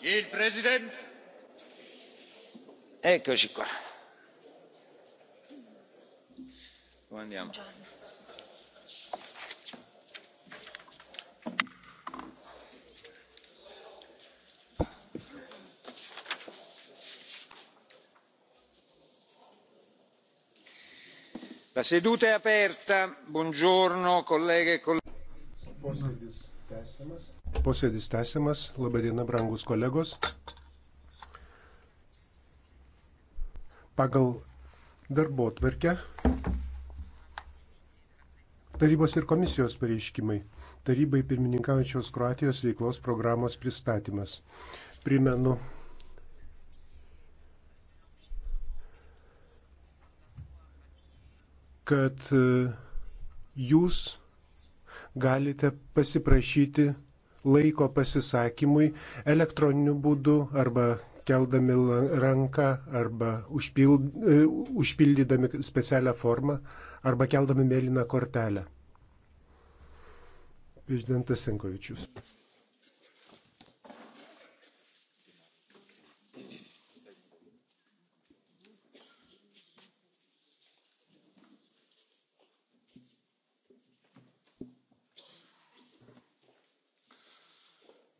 il presidente eccoci qua come andiamo la seduta è aperta buongiorno colleghe e colleghi Posėdis tęsiamas. Labadiena, brangus kolegos. Pagal darbo tvarkę tarybos ir komisijos pareiškimai. Tarybai pirmininkaujančios Kroatijos veiklos programos pristatymas. Primenu. kad e, jūs galite pasiprašyti laiko pasisakymui elektroniniu būdu arba keldami ranką arba užpild, e, užpildydami specialią formą arba keldami mėlyną kortelę. Prezidentas Senkovičius.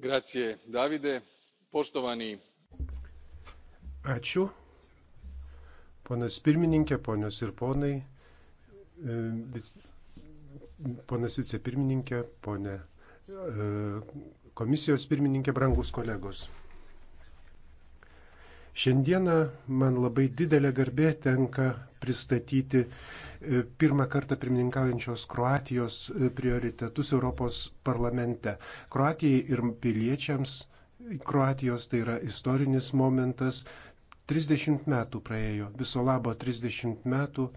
Grazie, Davide. Poštovani. Ačiū. Ponas pirmininkė, ponios ir ponai, e, ponas vicepirmininkė, ponė e, komisijos pirmininkė, brangus kolegos. Šiandieną man labai didelė garbė tenka pristatyti e, pirmą kartą pirmininkaujančios Kroatijos e, prioritetus Europos parlamente. Kroatijai ir piliečiams Kroatijos tai yra istorinis momentas. 30 metų praėjo, viso labo 30 metų,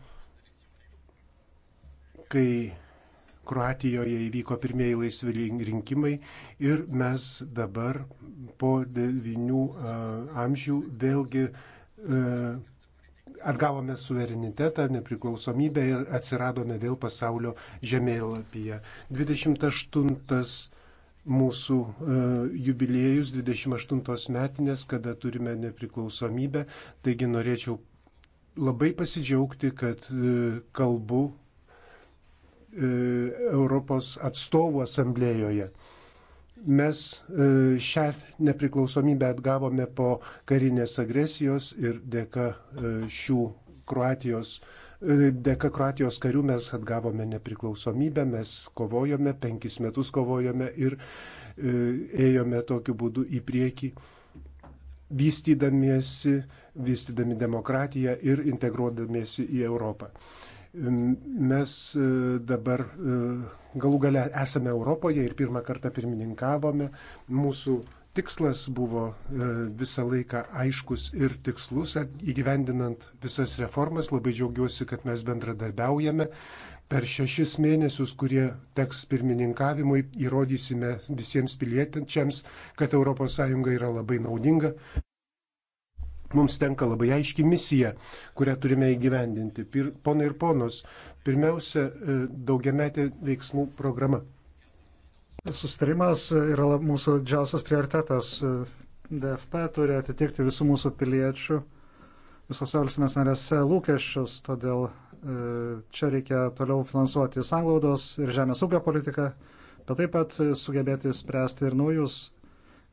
kai Kroatijoje įvyko pirmieji laisvi rinkimai ir mes dabar po devinių amžių vėlgi e, atgavome suverenitetą, nepriklausomybę ir atsiradome vėl pasaulio žemėlapyje. 28 mūsų e, jubiliejus, 28 metinės, kada turime nepriklausomybę, taigi norėčiau labai pasidžiaugti, kad e, kalbu E, Europos atstovų asamblėjoje. Mes e, šią nepriklausomybę atgavome po karinės agresijos ir dėka e, šių Kroatijos, dėka Kroatijos karių mes atgavome nepriklausomybę, mes kovojome, penkis metus kovojome ir ėjome tokiu būdu į priekį, vystydamiesi, vystydami demokratiją ir integruodamiesi į Europą. Mes e, dabar e, galų gale esame Europoje ir pirmą kartą pirmininkavome. Mūsų tikslas buvo e, visą laiką aiškus ir tikslus, įgyvendinant visas reformas. Labai džiaugiuosi, kad mes bendradarbiaujame. Per šešis mėnesius, kurie teks pirmininkavimui, įrodysime visiems pilietinčiams, kad ES yra labai naudinga, Mums tenka labai aiški misija, kurią turime įgyvendinti. Pir, ponai ir ponos, pirmiausia, e, daugiametė veiksmų programa. Sustarimas yra mūsų didžiausias prioritetas. E, DFP turi atitikti visų mūsų piliečių, visose valstybės narėse lūkesčius, todėl e, čia reikia toliau finansuoti sanglaudos ir žemės ūkio politiką, bet taip pat sugebėti spręsti ir naujus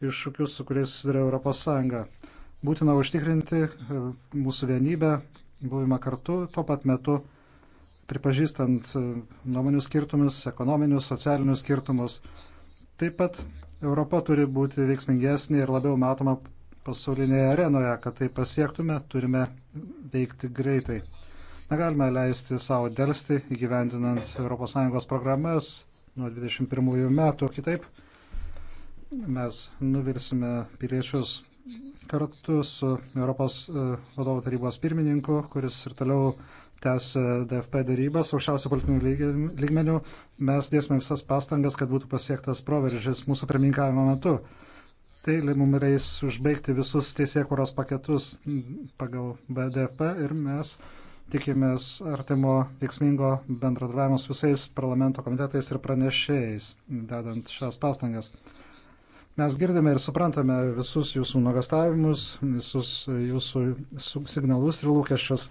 iššūkius, su kuriais susiduria Europos Sąjunga. Būtina užtikrinti e, mūsų vienybę, buvimą kartu, tuo pat metu pripažįstant e, nuomonių skirtumus, ekonominius, socialinius skirtumus. Taip pat Europa turi būti veiksmingesnė ir labiau matoma pasaulinėje arenoje, kad tai pasiektume, turime veikti greitai. Negalime leisti savo dėlsti įgyvendinant ES programas nuo 21 metų, kitaip mes nuvirsime piliečius kartu su Europos e, vadovo tarybos pirmininku, kuris ir toliau tęs e, DFP darybas aukščiausių politinių lygmenių, mes dėsime visas pastangas, kad būtų pasiektas proveržis mūsų pirmininkavimo metu. Tai mums reis užbaigti visus teisėkuros paketus pagal BDFP ir mes tikimės artimo veiksmingo bendradarbiavimo su visais parlamento komitetais ir pranešėjais, dedant šias pastangas. Mes girdime ir suprantame visus jūsų nuogastavimus, visus jūsų signalus ir lūkesčius.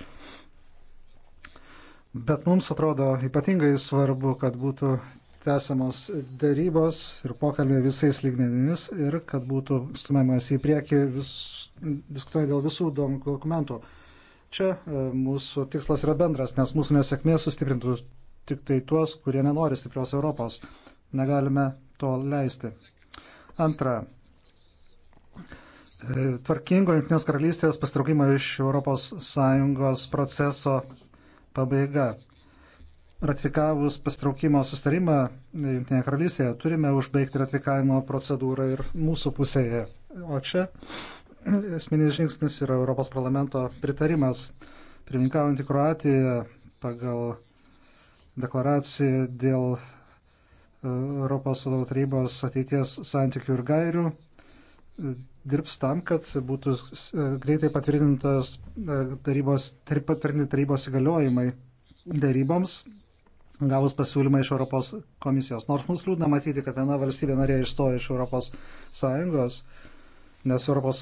Bet mums atrodo ypatingai svarbu, kad būtų tęsiamos darybos ir pokalbė visais lygmenimis ir kad būtų stumiamas į priekį vis, diskutuojant dėl visų dokumentų. Čia e, mūsų tikslas yra bendras, nes mūsų nesėkmė sustiprintų tik tai tuos, kurie nenori stiprios Europos. Negalime to leisti. Antra, e, tvarkingo Junktinės karalystės pastraukimo iš ES proceso pabaiga. Ratifikavus pastraukimo sustarimą Junktinėje karalystėje turime užbaigti ratifikavimo procedūrą ir mūsų pusėje. O čia esminis žingsnis yra Europos parlamento pritarimas. Pirmininkaujantį Kroatiją pagal deklaraciją dėl Europos vadovų tarybos ateities santykių ir gairių e, dirbs tam, kad būtų e, greitai patvirtintos e, tarybos, patvirtinti tarybos įgaliojimai daryboms, gavus pasiūlymą iš Europos komisijos. Nors mums liūdna matyti, kad viena valstybė narė išstojo iš Europos Sąjungos, nes ES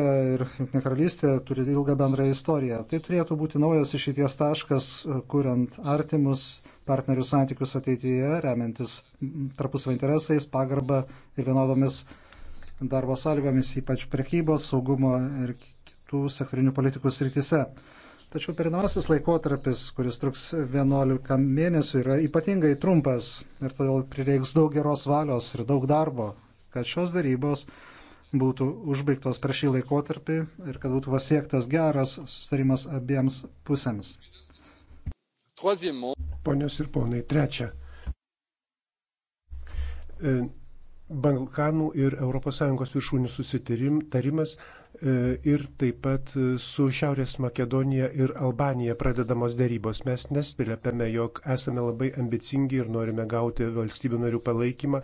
ir Junktinė karalystė turi ilgą bendrą istoriją. Tai turėtų būti naujas išeities taškas, kuriant artimus partnerių santykius ateityje, remiantis tarpusavio interesais, pagarba ir vienodomis darbo sąlygomis, ypač prekybos, saugumo ir kitų sektorinių politikų srityse. Tačiau perinamasis laikotarpis, kuris truks 11 mėnesių, yra ypatingai trumpas ir todėl prireiks daug geros valios ir daug darbo, kad šios darybos būtų užbaigtos per šį laikotarpį ir kad būtų pasiektas geras sustarimas abiems pusėms. Ponios ir ponai, trečia. E, Balkanų ir ES viršūnių susitarimas E, ir taip pat su Šiaurės Makedonija ir Albanija pradedamos dėrybos. Mes nespilėpėme, jog esame labai ambicingi ir norime gauti valstybių narių palaikymą,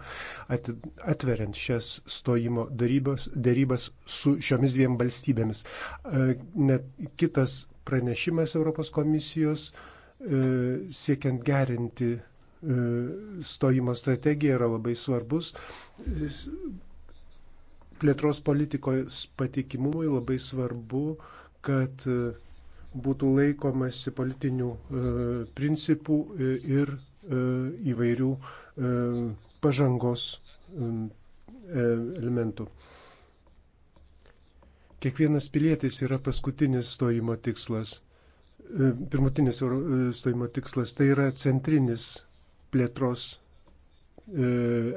atveriant šias stojimo dėrybos, dėrybas su šiomis dviem valstybėmis. E, net kitas pranešimas Europos komisijos e, siekiant gerinti stojimo strategiją yra labai svarbus plėtros politikos patikimumui labai svarbu, kad e, būtų laikomasi politinių e, principų e, ir įvairių pažangos elementų. Kiekvienas pilietis yra paskutinis stojimo tikslas, pirmutinis stojimo tikslas, tai yra centrinis plėtros E,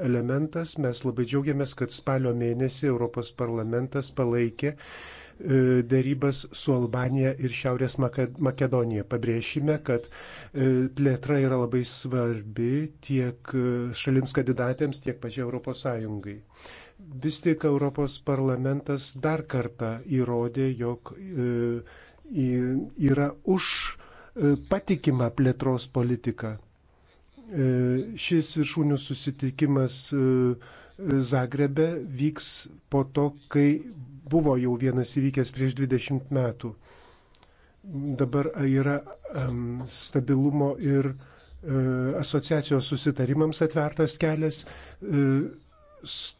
elementas. Mes labai džiaugiamės, kad spalio mėnesį Europos parlamentas palaikė e, dėrybas su Albanija ir Šiaurės Makedonija. Pabrėšime, kad e, plėtra yra labai svarbi tiek šalims kandidatėms, tiek pačiai Europos Sąjungai. Vis tik Europos parlamentas dar kartą įrodė, jog yra už patikimą plėtros politiką. E, šis viršūnių susitikimas e, e, Zagrebe vyks po to, kai buvo jau vienas įvykęs prieš 20 metų. Dabar yra stabilumo ir asociacijos susitarimams atvertas kelias.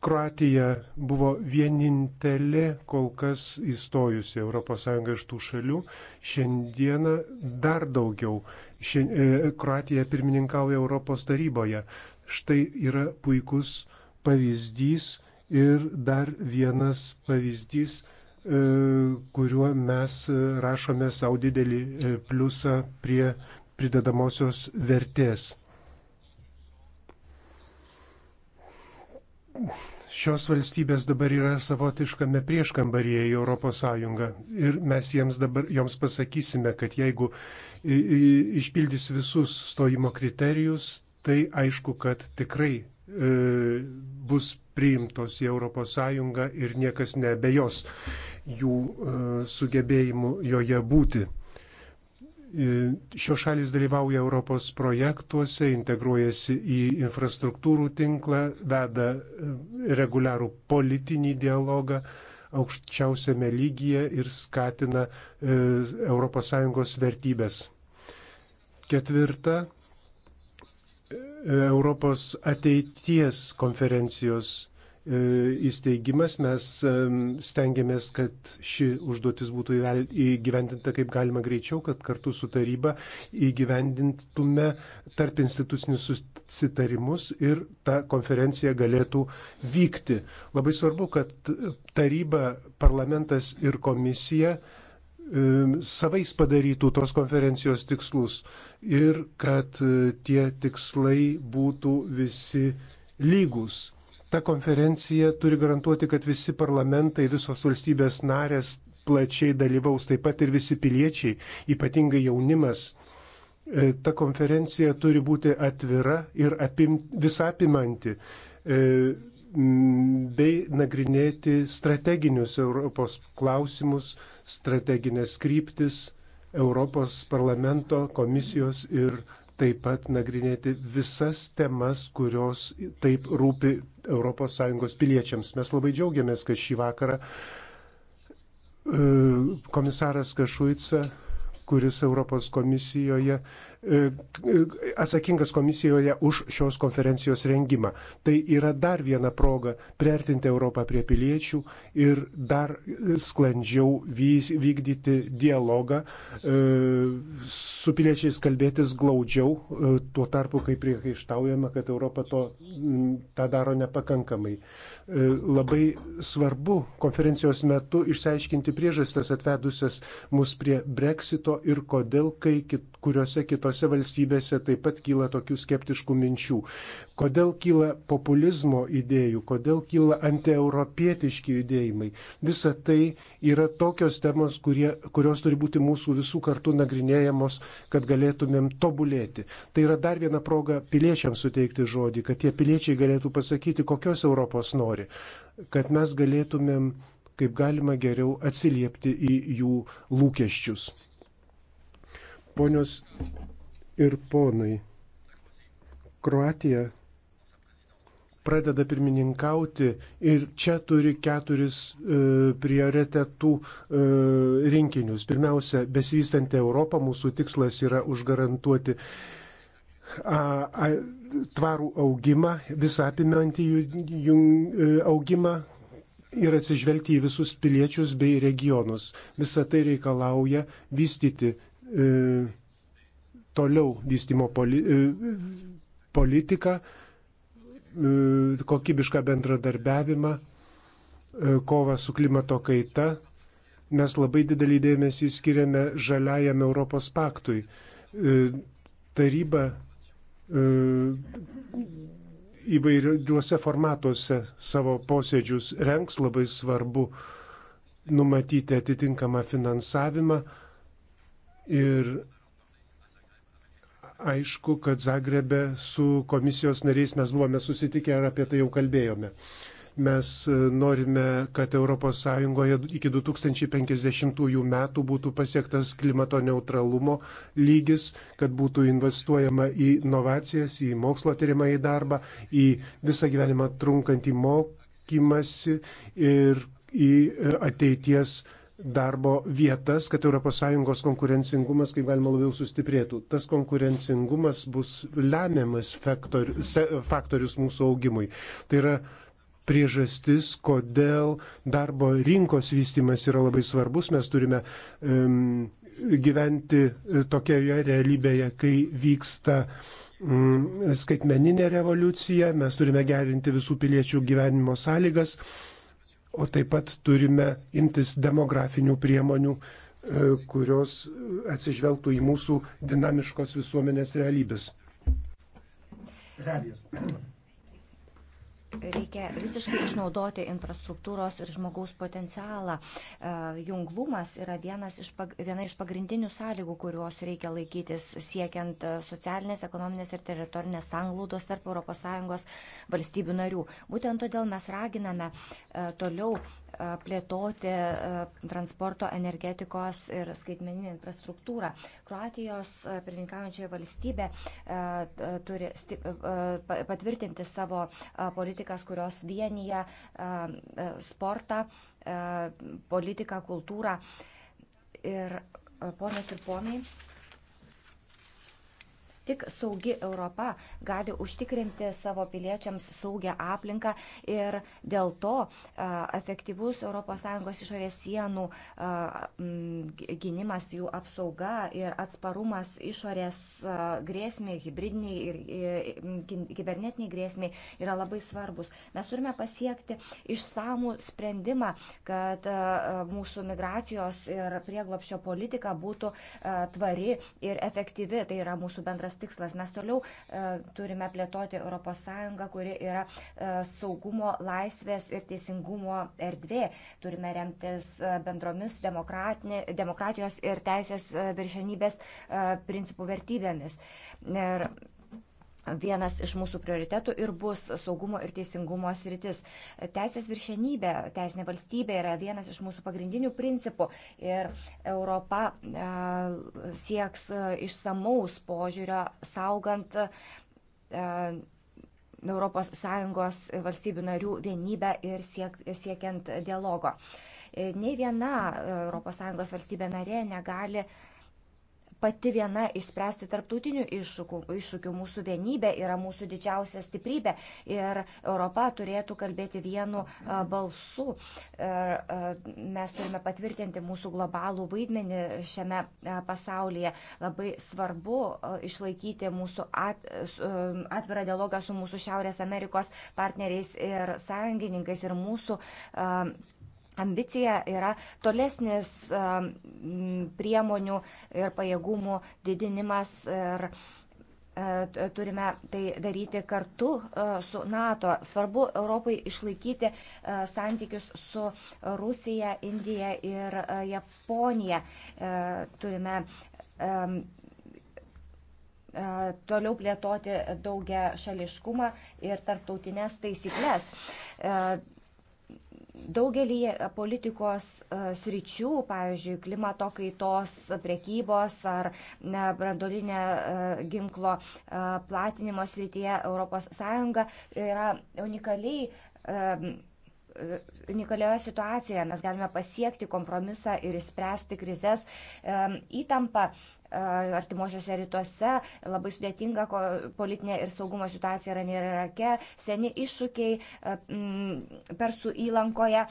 Kroatija buvo vienintelė kol kas įstojusi ES iš tų šalių. Šiandieną dar daugiau Šiandien e, Kroatija pirmininkauja Europos taryboje. Štai yra puikus pavyzdys ir dar vienas pavyzdys, e, kuriuo mes rašome savo didelį e, pliusą prie pridedamosios vertės. Šios valstybės dabar yra savotiškame prieškambaryje į ES ir mes jiems dabar, joms pasakysime, kad jeigu išpildys visus stojimo kriterijus, tai aišku, kad tikrai e, bus priimtos į ES ir niekas nebejos jų e, sugebėjimu joje būti. E, šios šalis dalyvauja Europos projektuose, integruojasi į infrastruktūrų tinklą, veda e, reguliarų politinį dialogą aukščiausiame lygyje ir skatina ES vertybės. Ketvirta. E, Europos ateities konferencijos E, įsteigimas. Mes e, stengiamės, kad ši užduotis būtų įgyvendinta kaip galima greičiau, kad kartu su taryba įgyvendintume tarp institucinius susitarimus ir ta konferencija galėtų vykti. Labai svarbu, kad taryba, parlamentas ir komisija e, savais padarytų tos konferencijos tikslus ir kad tie tikslai būtų visi lygus. Ta konferencija turi garantuoti, kad visi parlamentai, visos valstybės narės plačiai dalyvaus, taip pat ir visi piliečiai, ypatingai jaunimas. E, ta konferencija turi būti atvira ir apim, visapimanti, e, bei nagrinėti strateginius Europos klausimus, strateginės kryptis Europos parlamento komisijos ir taip pat nagrinėti visas temas, kurios taip rūpi ES piliečiams. Mes labai džiaugiamės, kad šį vakarą e, komisaras Kašuica, kuris Europos komisijoje E, e, atsakingas komisijoje už šios konferencijos rengimą. Tai yra dar viena proga priartinti Europą prie piliečių ir dar sklandžiau vykdyti dialogą, e, su piliečiais kalbėtis glaudžiau, tuo tarpu, kai priekaištaujama, kad Europa to, tą daro nepakankamai. Labai svarbu konferencijos metu išsiaiškinti priežastis atvedusias mus prie breksito ir kodėl kai kit, kuriuose kitose kitose valstybėse taip pat kyla tokių skeptiškų minčių. Kodėl kyla populizmo idėjų, kodėl kyla antieuropietiški judėjimai. Visa tai yra tokios temos, kurie, kurios turi būti mūsų visų kartu nagrinėjamos, kad galėtumėm tobulėti. Tai yra dar viena proga piliečiams suteikti žodį, kad tie piliečiai galėtų pasakyti, kokios Europos nori, kad mes galėtumėm kaip galima geriau atsiliepti į jų lūkesčius. Ponios ir ponai. Kroatija pradeda pirmininkauti ir čia turi keturis e, prioritetų e, rinkinius. Pirmiausia, besivystanti Europą mūsų tikslas yra užgarantuoti a, a, tvarų augimą, visą apimantį e, augimą ir atsižvelgti į visus piliečius bei regionus. Visą tai reikalauja vystyti. E, toliau vystimo e, politiką, e, kokybišką bendradarbiavimą, e, kovą su klimato kaita. Mes labai didelį dėmesį skiriame žaliajam Europos paktui. Taryba įvairiuose formatuose savo posėdžius renks, labai svarbu numatyti atitinkamą finansavimą ir aišku, kad Zagrebe su komisijos nariais mes buvome susitikę ir apie tai jau kalbėjome. Mes e, norime, kad ES iki 2050 metų būtų pasiektas klimato neutralumo lygis, kad būtų investuojama į inovacijas, į mokslo tyrimą, į darbą, į visą gyvenimą trunkantį mokymasi ir į e, ateities darbo vietas, kad ES konkurencingumas kaip galima labiau sustiprėtų. Tas konkurencingumas bus lemiamas faktor, se, faktorius mūsų augimui. Tai yra priežastis, kodėl darbo rinkos vystimas yra labai svarbus. Mes turime um, gyventi e, tokioje realybėje, kai vyksta um, skaitmeninė revoliucija, mes turime gerinti visų piliečių gyvenimo sąlygas. Um, o taip pat turime imtis demografinių priemonių, e, kurios atsižvelgtų į mūsų dinamiškos visuomenės realybės. Realijas. Reikia visiškai išnaudoti infrastruktūros ir žmogaus potencialą. E, junglumas yra iš, viena iš pagrindinių sąlygų, kurios reikia laikytis siekiant e, socialinės, ekonominės ir teritorinės sanglaudos tarp ES valstybių narių. Būtent todėl mes raginame e, toliau plėtoti transporto, energetikos ir skaitmeninę infrastruktūrą. Kroatijos pirmininkaujančioje valstybė turi patvirtinti savo politikas, kurios vienyje sportą, politiką, kultūrą. Ir ponios ir ponai, Tik saugi Europa gali užtikrinti savo piliečiams saugią aplinką ir dėl to efektyvus ES išorės sienų gynimas, jų apsauga ir atsparumas išorės grėsmiai, hybridiniai ir kibernetiniai grėsmiai yra labai svarbus. Mes turime pasiekti išsamų sprendimą, kad mūsų migracijos ir prieglopšio politika būtų tvari ir efektyvi. Tai yra mūsų bendras bendras tikslas. Mes toliau e, turime plėtoti ES, kuri yra e, saugumo, laisvės ir teisingumo erdvė. Turime remtis e, bendromis demokratijos ir teisės viršenybės principų vertybėmis. Ir vienas iš mūsų prioritetų ir bus saugumo ir teisingumo sritis. Teisės viršenybė, teisinė valstybė yra vienas iš mūsų pagrindinių principų ir Europa sieks išsamaus požiūrio saugant ES valstybių narių vienybę ir siek, siekiant dialogo. Nei viena ES valstybė narė negali uh, pati viena išspręsti tarptautinių iššūkių. iššūkių. Mūsų vienybė yra mūsų didžiausia stiprybė ir Europa turėtų kalbėti vienu balsu. Ir mes turime patvirtinti mūsų globalų vaidmenį šiame pasaulyje. Labai svarbu išlaikyti mūsų at, atvirą dialogą su mūsų Šiaurės Amerikos partneriais ir sąjungininkais ir mūsų uh, ambicija yra tolesnis priemonių ir pajėgumų didinimas ir turime tai daryti kartu su NATO. Svarbu Europai išlaikyti santykius su Rusija, Indija ir Japonija. Turime toliau plėtoti daugia šališkumą ir tarptautinės taisyklės. Daugelį politikos e, sričių, pavyzdžiui, klimato kaitos, prekybos ar brandolinė e, ginklo e, platinimo srityje ES yra unikaliai unikalioje situacijoje mes galime pasiekti kompromisą ir išspręsti krizės. Įtampa E, artimuosiuose rytuose, labai sudėtinga politinė ir saugumo situacija yra ir Irake, seni iššūkiai e, Persų įlankoje,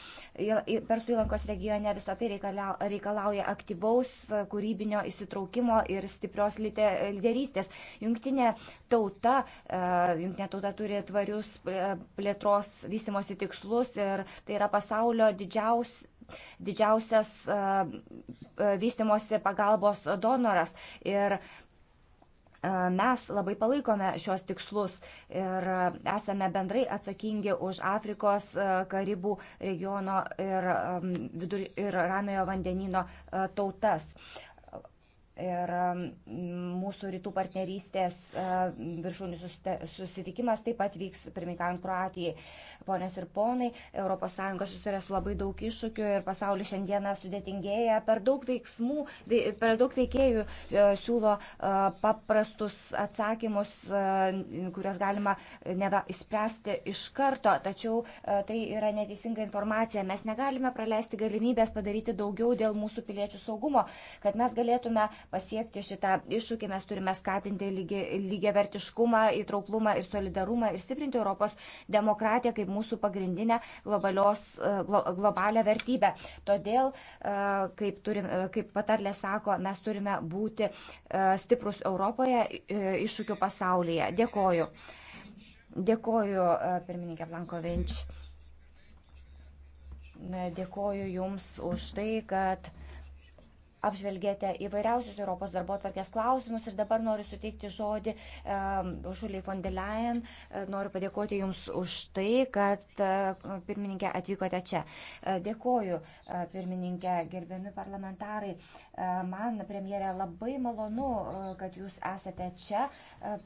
Persų įlankos regione visą tai reikalauja aktyvaus, kūrybinio įsitraukimo ir stiprios lyderystės. Jungtinė tauta, e, jungtinė tauta turi tvarius plėtros vystimosi tikslus ir tai yra pasaulio didžiausias didžiausias vystimosi pagalbos donoras. Ir mes labai palaikome šios tikslus ir esame bendrai atsakingi už Afrikos, Karibų regiono ir, vidur, ir Ramiojo vandenino tautas. Ir mūsų rytų partnerystės e, viršūnių susitikimas taip pat vyks pirmininkant Kroatijai. Ponės ir ponai, ES susiduria su labai daug iššūkių ir pasaulis šiandieną sudėtingėja. Per daug veiksmų, per daug veikėjų e, siūlo e, paprastus atsakymus, kuriuos galima neva įspręsti iš karto. Tačiau tai yra neteisinga informacija. Mes negalime praleisti galimybės padaryti daugiau dėl mūsų piliečių saugumo, kad mes galėtume pasiekti šitą iššūkį, mes turime skatinti lygiavertiškumą, lygia įtrauklumą ir solidarumą ir stiprinti Europos demokratiją kaip mūsų pagrindinę globalios, e, glo, globalią vertybę. Todėl, e, kaip, turim, e, kaip patarlė sako, mes turime būti stiprus Europoje, iššūkių pasaulyje. Dėkoju. Dėkoju, pirmininkė Plankovinč. Dėkoju Jums už tai, kad apžvelgėte įvairiausius Europos darbo atvarkės klausimus ir dabar noriu suteikti žodį Žuliai von der Leyen. E, noriu padėkoti Jums už tai, kad e, pirmininkė atvykote čia. E, dėkoju, pirmininkė, gerbiami parlamentarai. Man, premjerė, labai malonu, kad Jūs esate čia,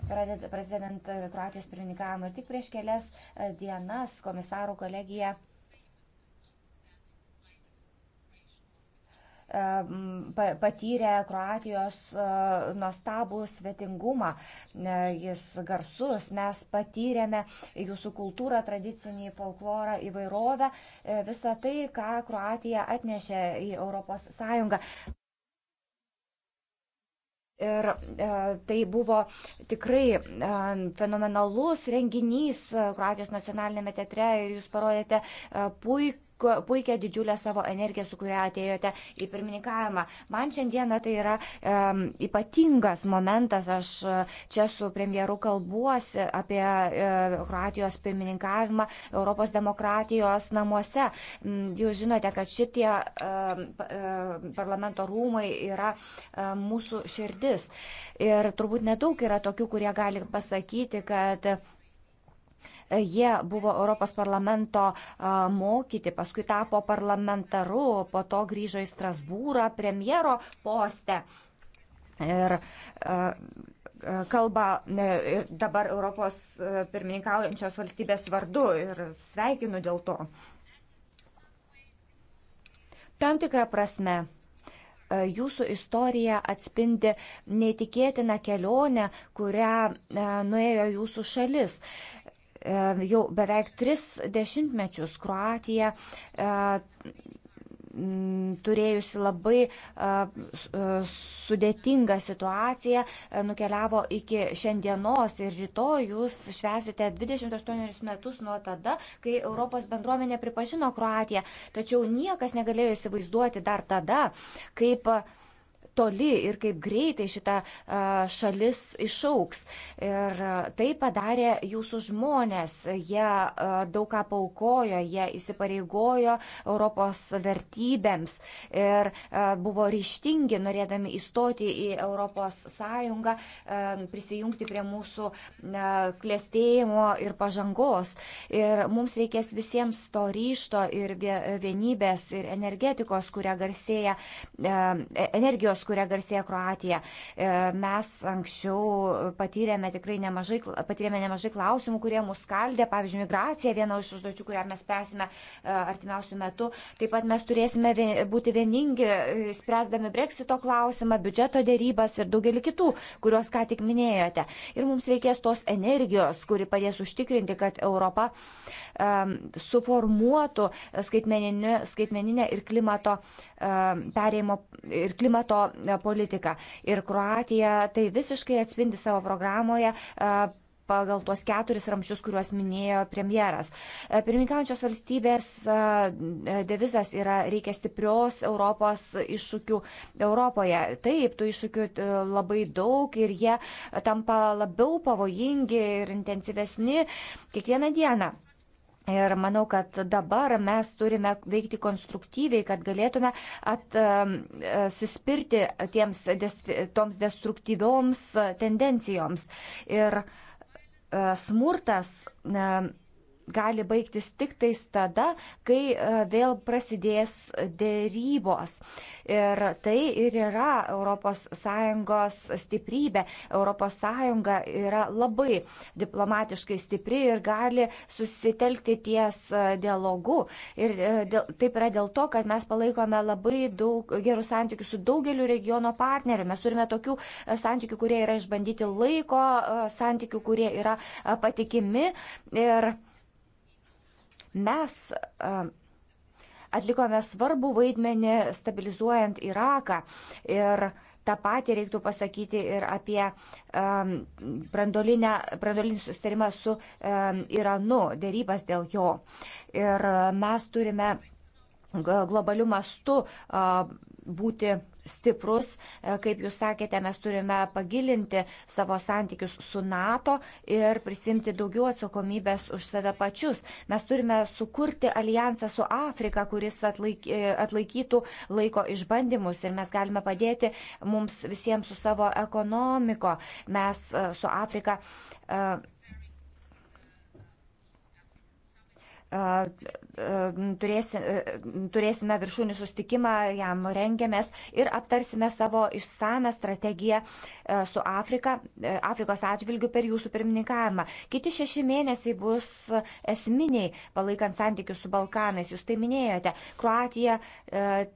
prasidedant Kroatijos pirmininkavimą. Ir tik prieš kelias dienas komisarų kolegija patyrė Kroatijos e, nuostabų svetingumą. E, jis garsus, mes patyrėme jūsų kultūrą, tradicinį folklorą, įvairovę, e, visą tai, ką Kroatija atnešė į ES. Ir e, tai buvo tikrai e, fenomenalus renginys Kroatijos nacionalinėme teatre ir jūs parodėte e, puikų puikia didžiulę savo energiją, su kuria atėjote į pirmininkavimą. Man šiandieną tai yra um, ypatingas momentas. Aš e, čia su premjeru kalbuosi apie uh, Kroatijos pirmininkavimą Europos demokratijos namuose. Jūs žinote, kad šitie uh, uh, parlamento rūmai yra uh, mūsų širdis. Ir turbūt nedaug yra tokių, kurie gali pasakyti, kad uh, Jie buvo Europos parlamento mokyti, paskui tapo parlamentaru, po to grįžo į Strasbūrą premjero postę. Ir kalba e, dabar Europos e, pirmininkaujančios valstybės vardu ir sveikinu dėl to. Tam tikrą prasme e, jūsų istorija atspindi neįtikėtiną kelionę, kurią nuėjo jūsų šalis. E, jau beveik tris dešimtmečius Kroatija e, turėjusi labai e, sudėtingą situaciją, nukeliavo iki šiandienos ir rytoj jūs švesite 28 metus nuo tada, kai Europos bendruomenė pripažino Kroatiją. Tačiau niekas negalėjo įsivaizduoti dar tada, kaip toli ir kaip greitai šita šalis išauks. Ir tai padarė jūsų žmonės. Jie daug ką paukojo, jie įsipareigojo Europos vertybėms ir buvo ryštingi, norėdami įstoti į Europos Sąjungą, prisijungti prie mūsų klėstėjimo ir pažangos. Ir mums reikės visiems to ryšto ir vienybės ir energetikos, kuria garsėja, e-, energijos, kuria garsėja Kroatija. E, mes anksčiau patyrėme tikrai nemažai, patyrėme nemažai klausimų, kurie mus skaldė, pavyzdžiui, migracija viena iš užduočių, kurią mes spręsime e, artimiausių metų. Taip pat mes turėsime būti vieningi, e, spręsdami breksito klausimą, biudžeto dėrybas ir daugelį kitų, kuriuos ką tik minėjote. Ir mums reikės tos energijos, kuri padės užtikrinti, kad Europa uh, suformuotų skaitmeninę, skaitmeninę ir klimato perėjimo ir klimato e, politiką. Ir Kroatija tai visiškai atspindi savo programoje e, pagal tuos keturis ramščius, kuriuos minėjo premjeras. E, pirmininkaujančios valstybės devizas yra reikia stiprios Europos iššūkių Europoje. Taip, tų iššūkių labai daug ir jie tampa labiau pavojingi ir intensyvesni kiekvieną dieną. Ir manau, kad dabar mes turime veikti konstruktyviai, kad galėtume atsispirti tiems, toms destruktyvioms tendencijoms. Ir e, smurtas gali baigtis tik tais tada, kai e, vėl prasidės dėrybos. Ir tai ir yra ES stiprybė. ES yra labai diplomatiškai stipri ir gali susitelkti ties e, dialogu. Ir e, dėl, taip yra dėl to, kad mes palaikome labai daug gerų santykių su daugeliu regiono partnerių. Mes turime tokių santykių, kurie yra išbandyti laiko, santykių, kurie yra patikimi. Ir Mes atlikome svarbų vaidmenį stabilizuojant Iraką ir tą patį reiktų pasakyti ir apie um, brandolinį sustarimą su um, Iranu, dėrybas dėl jo. Ir mes turime globalių mastų uh, būti stiprus. E, kaip jūs sakėte, mes turime pagilinti savo santykius su NATO ir prisimti daugiau atsakomybės už save pačius. Mes turime sukurti alijansą su Afrika, kuris e, atlaikytų laiko išbandymus ir mes galime padėti mums visiems su savo ekonomiko. Mes e, su Afrika. Uh, turėsime viršūnių sustikimą, jam rengiamės ir aptarsime savo išsame strategiją su Afrika, Afrikos atžvilgiu per jūsų pirmininkavimą. Kiti šeši mėnesiai bus esminiai, palaikant santykius su Balkanais, jūs tai minėjote. Kroatija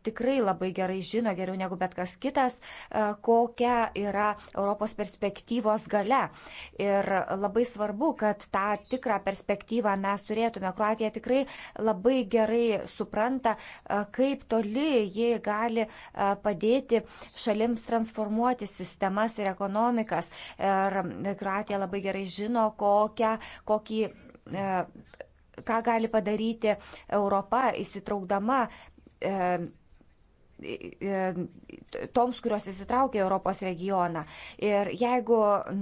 tikrai labai gerai žino, geriau negu bet kas kitas, kokia yra Europos perspektyvos gale. Ir labai svarbu, kad tą tikrą perspektyvą mes turėtume. Kroatija kad jie tikrai labai gerai supranta, kaip toli jie gali padėti šalims transformuoti sistemas ir ekonomikas. Ir Kroatija labai gerai žino, kokią, kokį ką gali padaryti Europa įsitraukdama E, toms, kurios įsitraukia Europos regioną. Ir jeigu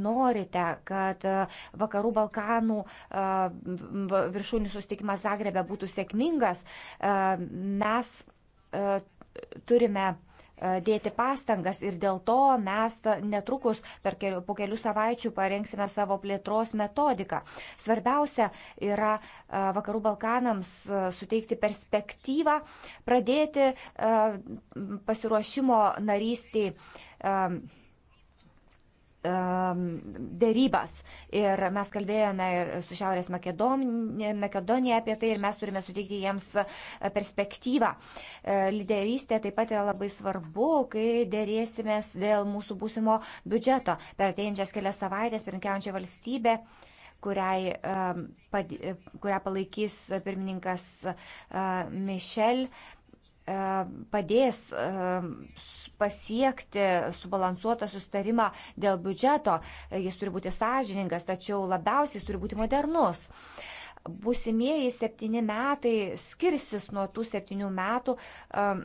norite, kad e, Vakarų Balkanų e, viršūnių sustikimas Zagrebe būtų sėkmingas, mes turime dėti pastangas ir dėl to mes netrukus kelių, po kelių savaičių parengsime savo plėtros metodiką. Svarbiausia yra Vakarų Balkanams suteikti perspektyvą, pradėti pasiruošimo narystiai Um, dėrybas. Ir mes kalbėjome ir su Šiaurės Makedonija, Makedonija apie tai ir mes turime suteikti jiems uh, perspektyvą. Uh, Liderystė taip pat yra labai svarbu, kai dėrėsimės dėl mūsų būsimo biudžeto. Per ateinančias kelias savaitės pirmkiaujančia valstybė kuriai, um, kurią palaikys pirmininkas uh, Mišel, padės um, pasiekti subalansuotą sustarimą dėl biudžeto. Jis turi būti sąžiningas, tačiau labiausiai jis turi būti modernus. Būsimieji septyni metai skirsis nuo tų septynių metų. Um,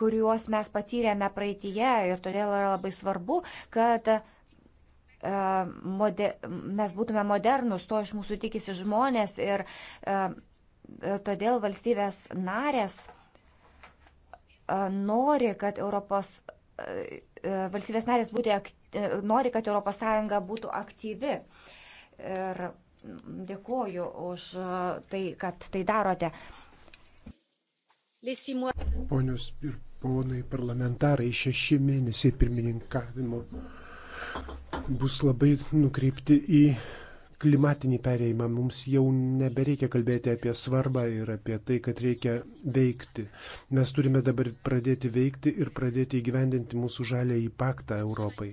kuriuos mes patyrėme praeitie ir todėl yra labai svarbu, kad um, mode, mes būtume modernus, to iš mūsų tikisi žmonės ir um, todėl valstybės narės nori, kad Europos e, valstybės narės būtų, e, nori, kad ES būtų aktyvi. Ir dėkuoju už tai, kad tai darote. Ponios ir ponai parlamentarai, šeši mėnesiai pirmininkavimo bus labai nukreipti į klimatinį perėjimą mums jau nebereikia kalbėti apie svarbą ir apie tai, kad reikia veikti. Mes turime dabar pradėti veikti ir pradėti įgyvendinti mūsų žalę į paktą Europai.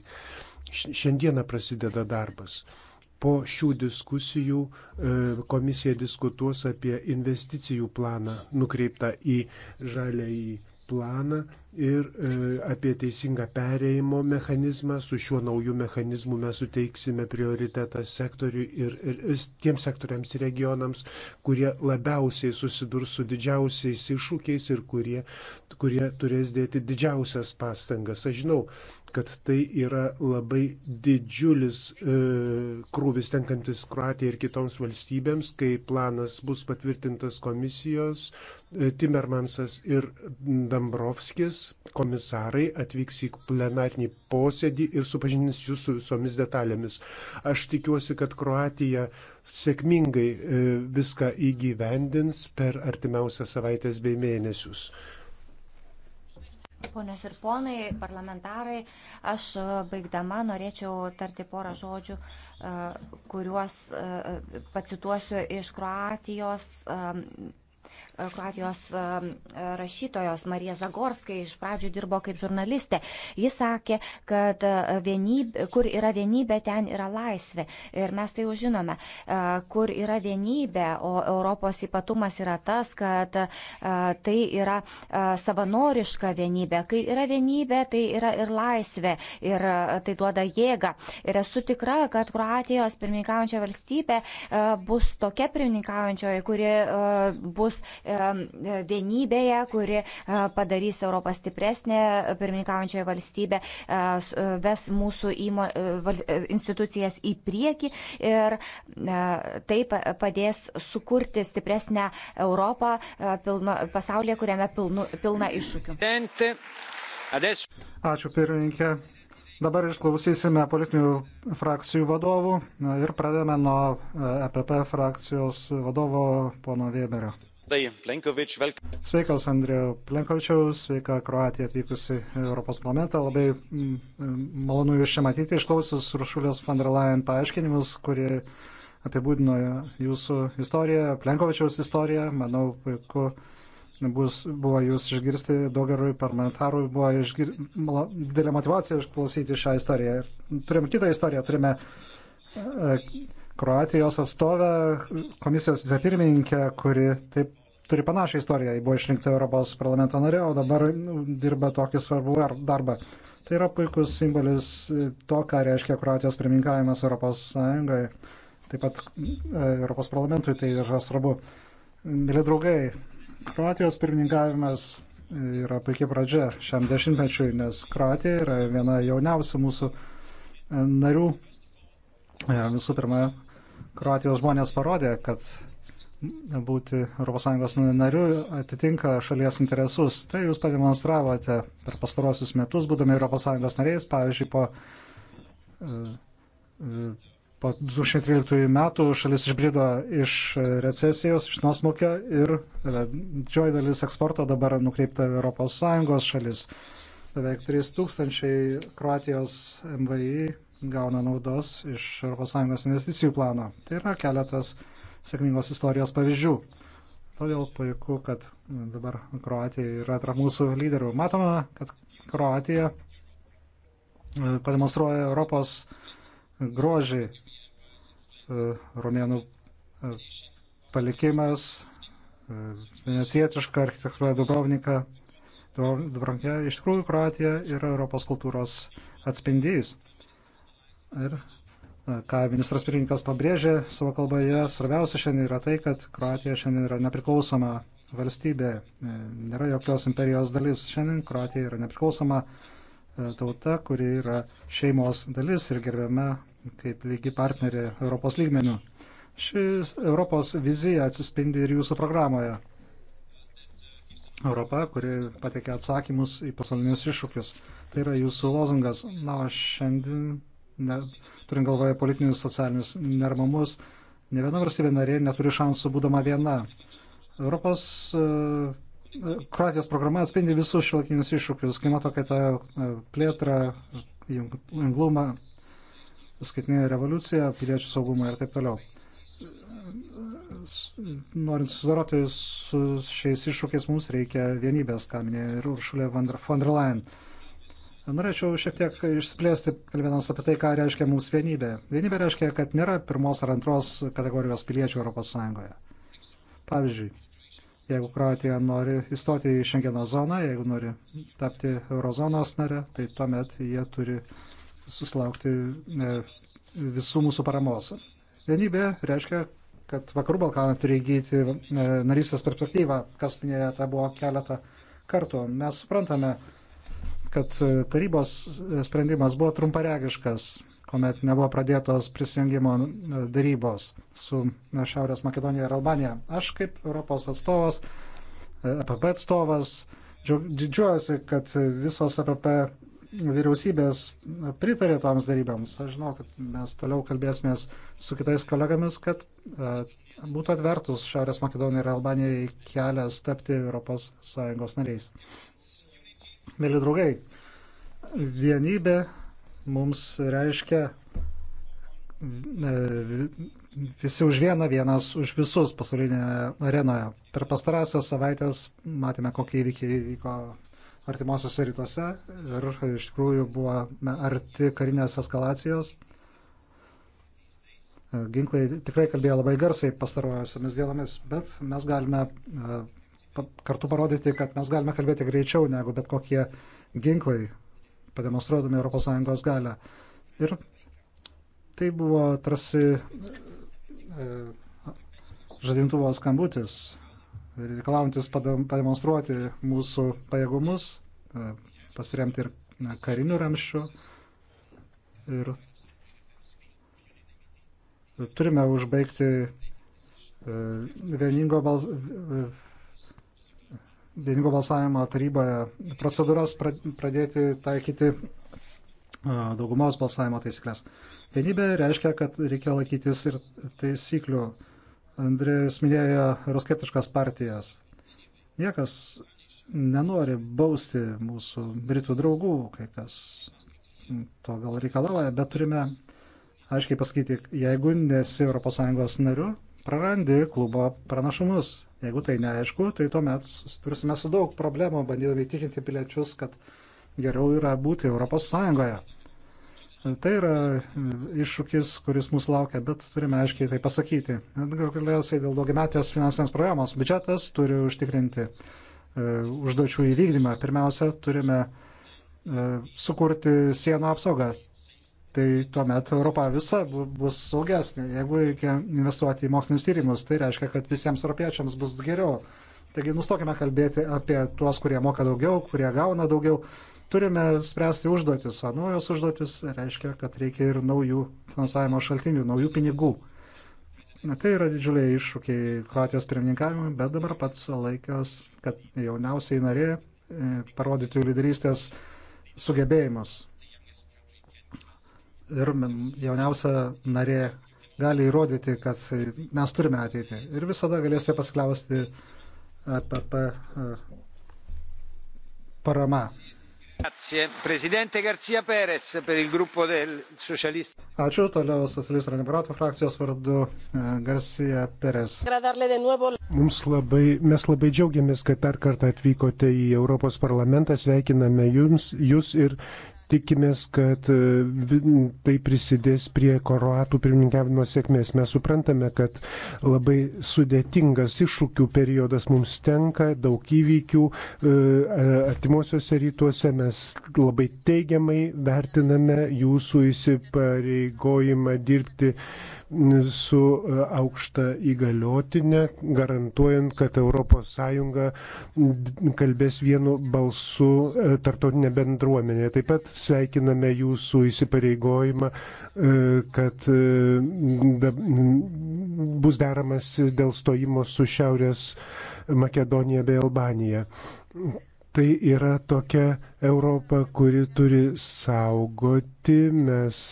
Šiandieną prasideda darbas. Po šių diskusijų e, komisija diskutuos apie investicijų planą nukreiptą į žalę į planą ir e, apie teisingą pereimo mechanizmą. Su šiuo nauju mechanizmu mes suteiksime prioritetą sektoriui ir, ir, ir tiems sektoriams ir regionams, kurie labiausiai susidurs su didžiausiais iššūkiais ir kurie, kurie turės dėti didžiausias pastangas. Aš žinau, kad tai yra labai didžiulis e, krūvis tenkantis Kroatijai ir kitoms valstybėms, kai planas bus patvirtintas komisijos, e, Timermansas ir Dambrovskis, komisarai, atvyks į plenarnį posėdį ir supažinys jūs su visomis detalėmis. Aš tikiuosi, kad Kroatija sėkmingai e, viską įgyvendins per artimiausią savaitės bei mėnesius. Ponios ir ponai, parlamentarai, aš e, baigdama norėčiau tarti porą žodžių, e, kuriuos e, pacituosiu iš Kroatijos Kroatijos rašytojos Marija Zagorskai iš pradžių dirbo kaip žurnalistė. Jis sakė, kad vienybė, kur yra vienybė, ten yra laisvė. Ir mes tai jau žinome, kur yra vienybė, o Europos ypatumas yra tas, kad tai yra savanoriška vienybė. Kai yra vienybė, tai yra ir laisvė, ir tai duoda jėgą. Ir esu tikra, kad Kroatijos pirmininkaujančia valstybė bus tokia pirmininkaujančioji, kuri bus remtis vienybėje, kuri e, padarys Europą stipresnė, pirmininkaujančioje valstybė, e, e, ves mūsų įmo, institucijas į priekį ir taip padės sukurti stipresnę Europą pilno, pasaulyje, kuriame pilnu, pilna iššūkių. Ačiū pirmininkė. Dabar išklausysime politinių frakcijų vadovų ir pradedame nuo EPP frakcijos vadovo pono Weberio. Sveikas, Andrėjau Plenkovičiau, sveika Kroatija atvykusi į Europos parlamentą. Labai mm, mm, malonu jūs čia matyti, išklausus Rušulės von der Leyen paaiškinimus, kurie apibūdino jūsų istoriją, Plenkovičiaus istoriją. Manau, puiku bus, buvo jūs išgirsti, daugelui parlamentarui buvo išgir... didelė motivacija išklausyti šią istoriją. Ir turim kitą istoriją, turime. E, Kroatijos atstovę, komisijos vicepirmininkę, kuri taip turi panašią istoriją. Ji buvo išrinkta Europos parlamento narė, o dabar nu, dirba tokį svarbų darbą. Tai yra puikus simbolis e, to, ką reiškia Kroatijos pirmininkavimas Europos Sąjungoje. Taip pat e, Europos parlamentui tai yra svarbu. Mėly draugai, Kroatijos pirmininkavimas e, yra puikia pradžia šiam dešimtmečiui, nes Kroatija yra viena jauniausių mūsų narių. Visų pirma, Kroatijos žmonės parodė, kad būti ES nariu atitinka šalies interesus. Tai jūs pademonstravote per pastarosius metus, būdami ES nariais, pavyzdžiui, po, e, e, po 2013 metų šalis išbrido iš recesijos, iš nuosmukio ir e, didžioji dalis eksporto dabar nukreipta ES šalis. Beveik 3000 Kroatijos MVI gauna naudos iš ES investicijų plano. Tai yra keletas sėkmingos istorijos pavyzdžių. Todėl puiku, kad dabar Kroatija yra tarp mūsų lyderių. Matoma, kad Kroatija e, pademonstruoja Europos grožį. E, romėnų e, palikimas, venecietiška architektūra Dubrovnika. Dubrovnikė iš tikrųjų Kroatija yra Europos kultūros atspindys. Ir ką ministras pirmininkas pabrėžė savo kalboje, svarbiausia šiandien yra tai, kad Kroatija šiandien yra nepriklausoma valstybė, e, nėra jokios imperijos dalis. Šiandien Kroatija yra nepriklausoma e, tauta, kuri yra šeimos dalis ir gerbiama kaip lygi partnerė Europos lygmenių. Šis Europos vizija atsispindi ir jūsų programoje. Europa, kuri patikė atsakymus į pasaulinius iššūkius. Tai yra jūsų lozungas. Na, o šiandien ne, turint galvoje politinius socialinius nermamus, ne viena valstybė narė neturi šansų būdama viena. Europos uh, Kroatijos programa atspindi visus šilakinius iššūkius - klimato kaita, e, plėtra, junglumą, skaitinė revoliucija, piliečių saugumą ir taip toliau norint susidaroti su šiais iššūkiais, mums reikia vienybės, ką minėjo ir Uršulė von der Leyen. Norėčiau šiek tiek išsiplėsti, kalbėdamas apie tai, ką reiškia mums vienybė. Vienybė reiškia, kad nėra pirmos ar antros kategorijos piliečių ES. Pavyzdžiui, jeigu Kroatija nori įstoti į Šengeno zoną, jeigu nori tapti eurozonos nare, tai tuomet jie turi susilaukti e, visų mūsų paramos. Vienybė reiškia, kad Vakarų Balkanai turi įgyti e, narystės perspektyvą, kas minėjote, buvo keletą kartų. Mes suprantame, kad e, tarybos sprendimas buvo trumparegiškas, kuomet nebuvo pradėtos prisijungimo e, darybos su e, Šiaurės Makedonija ir Albanija. Aš kaip Europos atstovas, APP atstovas, didžiuojasi, kad visos APP vyriausybės pritarė toms darybėms. Aš žinau, kad mes toliau kalbėsimės su kitais kolegomis, kad būtų atvertus Šiaurės Makedonija ir Albanija kelias tapti ES nariais. Mėly draugai, vienybė mums reiškia e, visi už vieną, vienas už visus pasaulinėje arenoje. Per pastarąsias savaitės matėme, kokie įvykiai vyko artimuosiuose rytuose ir iš tikrųjų buvome arti karinės eskalacijos. Ginklai tikrai kalbėjo labai garsiai pastarojosiomis dienomis, bet mes galime e, kartu parodyti, kad mes galime kalbėti greičiau negu bet kokie ginklai, pademonstruodami ES galę. Ir tai buvo tarsi e, žadintuvo skambutis, reikalaujantis pademonstruoti mūsų pajėgumus, e, pasiremti ir karinių ramščių. Ir turime užbaigti e, vieningo balsų vieningo balsavimo taryboje procedūras pradėti taikyti daugumos balsavimo taisyklės. Vienybė reiškia, kad reikia laikytis ir taisyklių. Andrėjus minėjo euroskeptiškas partijas. Niekas nenori bausti mūsų britų draugų, kai kas to gal reikalauja, bet turime aiškiai pasakyti, jeigu nesi ES nariu, prarandi klubo pranašumus. Jeigu tai neaišku, tai tuomet susitursime su daug problemų, bandydami įtikinti piliečius, kad geriau yra būti Europos Sąjungoje. Tai yra mm, iššūkis, kuris mūsų laukia, bet turime aiškiai tai pasakyti. Galiausiai dėl daugiametės finansinės programos biudžetas turi užtikrinti e, užduočių įvykdymą. Pirmiausia, turime e, sukurti sienų apsaugą tai tuomet Europa visa bus saugesnė. Jeigu reikia investuoti į mokslinius tyrimus, tai reiškia, kad visiems europiečiams bus geriau. Taigi nustokime kalbėti apie tuos, kurie moka daugiau, kurie gauna daugiau. Turime spręsti užduotis, o naujos užduotis reiškia, kad reikia ir naujų finansavimo šaltinių, naujų pinigų. Na, tai yra didžiuliai iššūkiai Kroatijos pirmininkavimui, bet dabar pats laikas, kad jauniausiai narė e, parodyti lyderystės sugebėjimus ir jauniausia narė gali įrodyti, kad mes turime ateitį. Ir visada galėsite pasikliausti EPP e, parama. Ačiū toliau socialistų demokratų frakcijos vardu e, Garcia Perez. Mums labai, mes labai džiaugiamės, kad dar kartą atvykote į Europos parlamentą, sveikiname jums, jūs ir Tikimės, kad e, tai prisidės prie koroatų pirmininkavimo sėkmės. Mes suprantame, kad labai sudėtingas iššūkių periodas mums tenka, daug įvykių e, e, artimuosiuose rytuose. Mes labai teigiamai vertiname jūsų įsipareigojimą dirbti su e, aukšta įgaliotinė, garantuojant, kad ES kalbės vienu balsu e, tartotinė bendruomenė. Taip pat sveikiname jūsų įsipareigojimą, e, kad bus deramas dėl stojimo su Šiaurės Makedonija bei Albanija tai yra tokia Europa, kuri turi saugoti, mes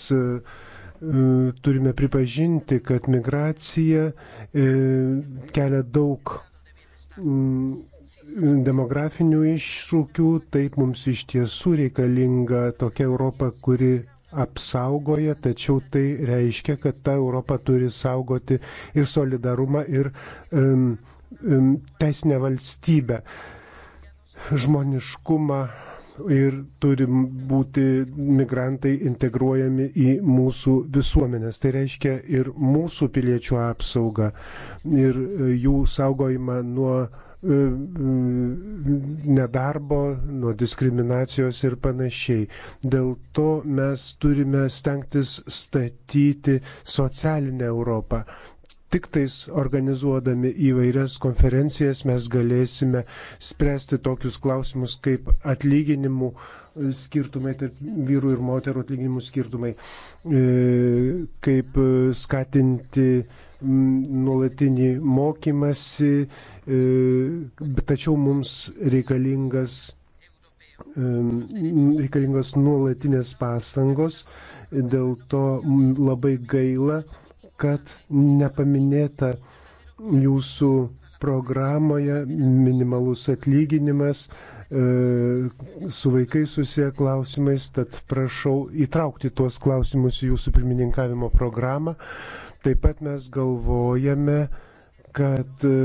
E, turime pripažinti, kad migracija e, kelia daug mm, demografinių iššūkių, taip mums iš tiesų reikalinga tokia Europa, kuri apsaugoja, tačiau tai reiškia, kad ta Europa turi saugoti ir solidarumą, ir um, um, teisinę valstybę, žmoniškumą, ir turi būti migrantai integruojami į mūsų visuomenės. Tai reiškia ir mūsų piliečių apsaugą ir e, jų saugojimą nuo e, nedarbo, nuo diskriminacijos ir panašiai. Dėl to mes turime stengtis statyti socialinę Europą. Tik tais organizuodami įvairias konferencijas mes galėsime spręsti tokius klausimus kaip atlyginimų skirtumai, tarp vyrų ir moterų atlyginimų skirtumai, e, kaip skatinti nuolatinį mokymasi, e, tačiau mums reikalingas e, reikalingos nuolatinės pastangos, dėl to labai gaila, kad nepaminėta jūsų programoje minimalus atlyginimas e, su vaikais susiję klausimais, tad prašau įtraukti tuos klausimus į jūsų pirmininkavimo programą. Taip pat mes galvojame, kad e,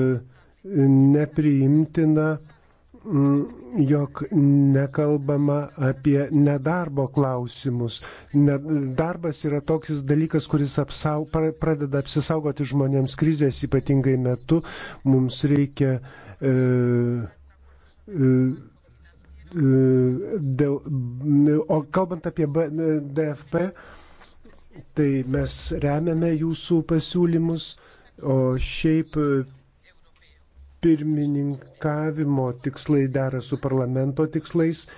nepriimtina Mm, jog nekalbama apie nedarbo klausimus. Darbas yra toks dalykas, kuris apsau, pradeda apsisaugoti žmonėms krizės, ypatingai metu mums reikia e, e, e dėl, o kalbant apie DFP, tai mes remiame jūsų pasiūlymus, o šiaip pirmininkavimo tikslai dera su parlamento tikslais. E,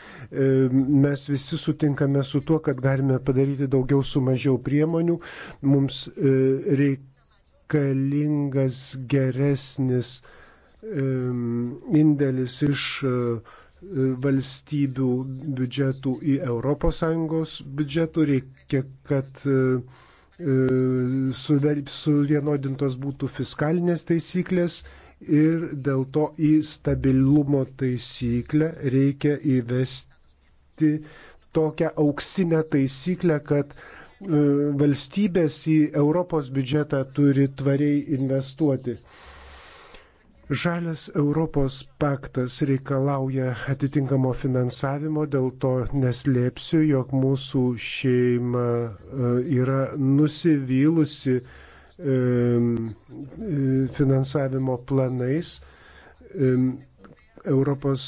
mes visi sutinkame su tuo, kad galime padaryti daugiau su mažiau priemonių. Mums e, reikalingas geresnis e, indėlis iš valstybių biudžetų į ES biudžetų. Reikia, kad suvienodintos būtų fiskalinės taisyklės ir dėl to į stabilumo taisyklę reikia įvesti tokią auksinę taisyklę, kad e, valstybės į Europos biudžetą turi tvariai investuoti. Žalės Europos paktas reikalauja atitinkamo finansavimo, dėl to neslėpsiu, jog mūsų šeima e, yra nusivylusi E, finansavimo planais. Europos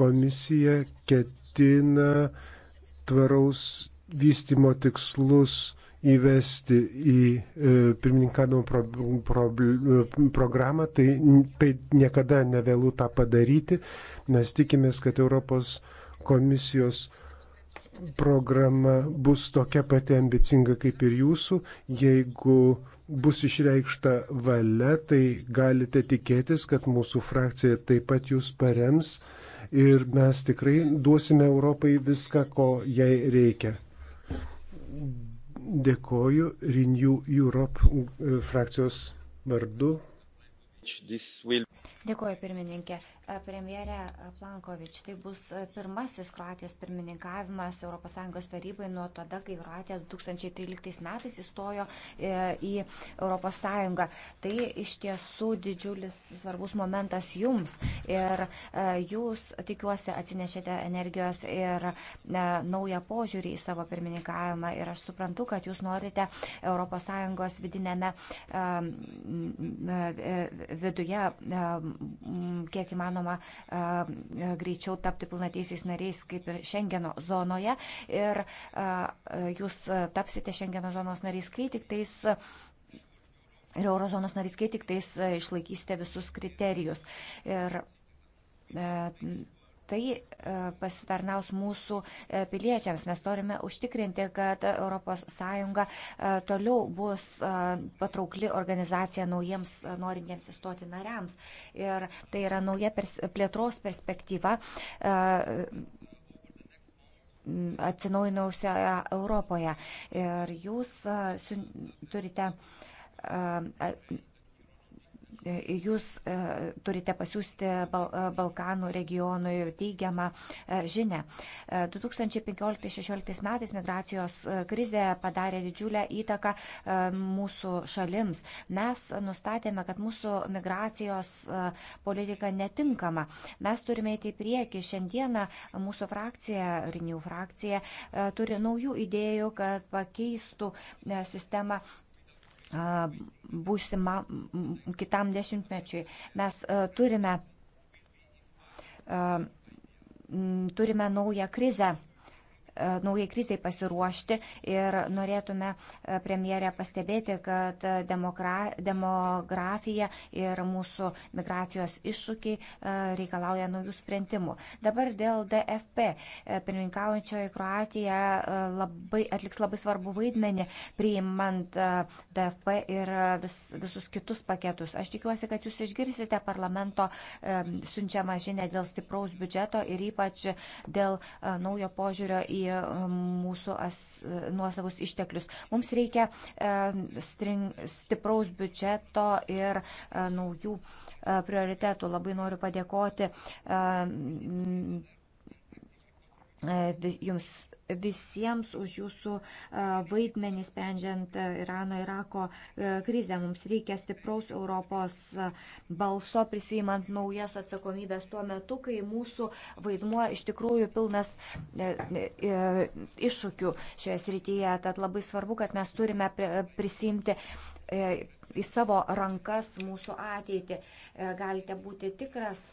komisija ketina tvaraus vystimo tikslus įvesti į e, pirmininkavimo pro, pro, programą, tai, tai niekada nevėlų tą padaryti. Mes tikimės, kad Europos komisijos programa bus tokia pati ambicinga kaip ir jūsų, jeigu bus išreikšta valia, tai galite tikėtis, kad mūsų frakcija taip pat jūs parems ir mes tikrai duosime Europai viską, ko jai reikia. Dėkoju Renew Europe e, frakcijos vardu. Dėkoju pirmininkė premjerė Plankovič, tai bus e, pirmasis Kroatijos pirmininkavimas ES tarybai nuo tada, kai Kroatija 2013 metais įstojo e, į ES. Tai iš tiesų didžiulis svarbus momentas jums ir e, jūs, tikiuosi, atsinešėte energijos ir naują požiūrį į savo pirmininkavimą ir aš suprantu, kad jūs norite ES vidinėme viduje kiek įmanoma įmanoma greičiau tapti pilnateisiais nariais kaip ir Šengeno zonoje. Ir jūs tapsite Šengeno zonos nariais, kai tik tais ir eurozonos narys, kai tik tais išlaikysite visus kriterijus. Ir tai e, pasitarnaus mūsų e, piliečiams. Mes norime užtikrinti, kad ES e, toliau bus patraukli organizacija naujiems norintiems įstoti nariams. Ir tai yra nauja pers plėtros perspektyva atsinaujinusioje Europoje. Ir jūs turite jūs e, turite pasiūsti e, Balkanų regionui teigiamą e, žinę. 2015-2016 metais migracijos krizė padarė didžiulę įtaką mūsų šalims. Mes nustatėme, kad mūsų migracijos politika netinkama. Mes turime eiti į priekį. Šiandieną mūsų frakcija, Rinių frakcija, turi naujų idėjų, kad pakeistų sistemą būsima kitam dešimtmečiui. Mes turime, turime naują krizę E, naujai kriziai pasiruošti ir norėtume e, premjerę pastebėti, kad e, demokra, demografija ir mūsų migracijos iššūkiai reikalauja naujų sprendimų. Dabar dėl DFP. Pirmininkaujančioji Kroatija labai, atliks labai svarbu vaidmenį priimant DFP ir vis, visus kitus paketus. Aš tikiuosi, kad jūs išgirsite parlamento siunčiamą žinę dėl stipraus biudžeto ir ypač dėl naujo požiūrio į apie e, mūsų as, e, nuosavus išteklius. Mums reikia e, string, stipraus biudžeto ir naujų prioritetų. Labai noriu padėkoti E, jums visiems už jūsų e, vaidmenį sprendžiant e, Irano-Irako krizę. Mums reikia stipraus Europos balso prisijimant naujas atsakomybės tuo metu, kai mūsų vaidmuo iš tikrųjų pilnas iššūkių šioje srityje. Tad labai svarbu, kad mes turime prisimti į savo rankas mūsų ateitį. Galite būti tikras,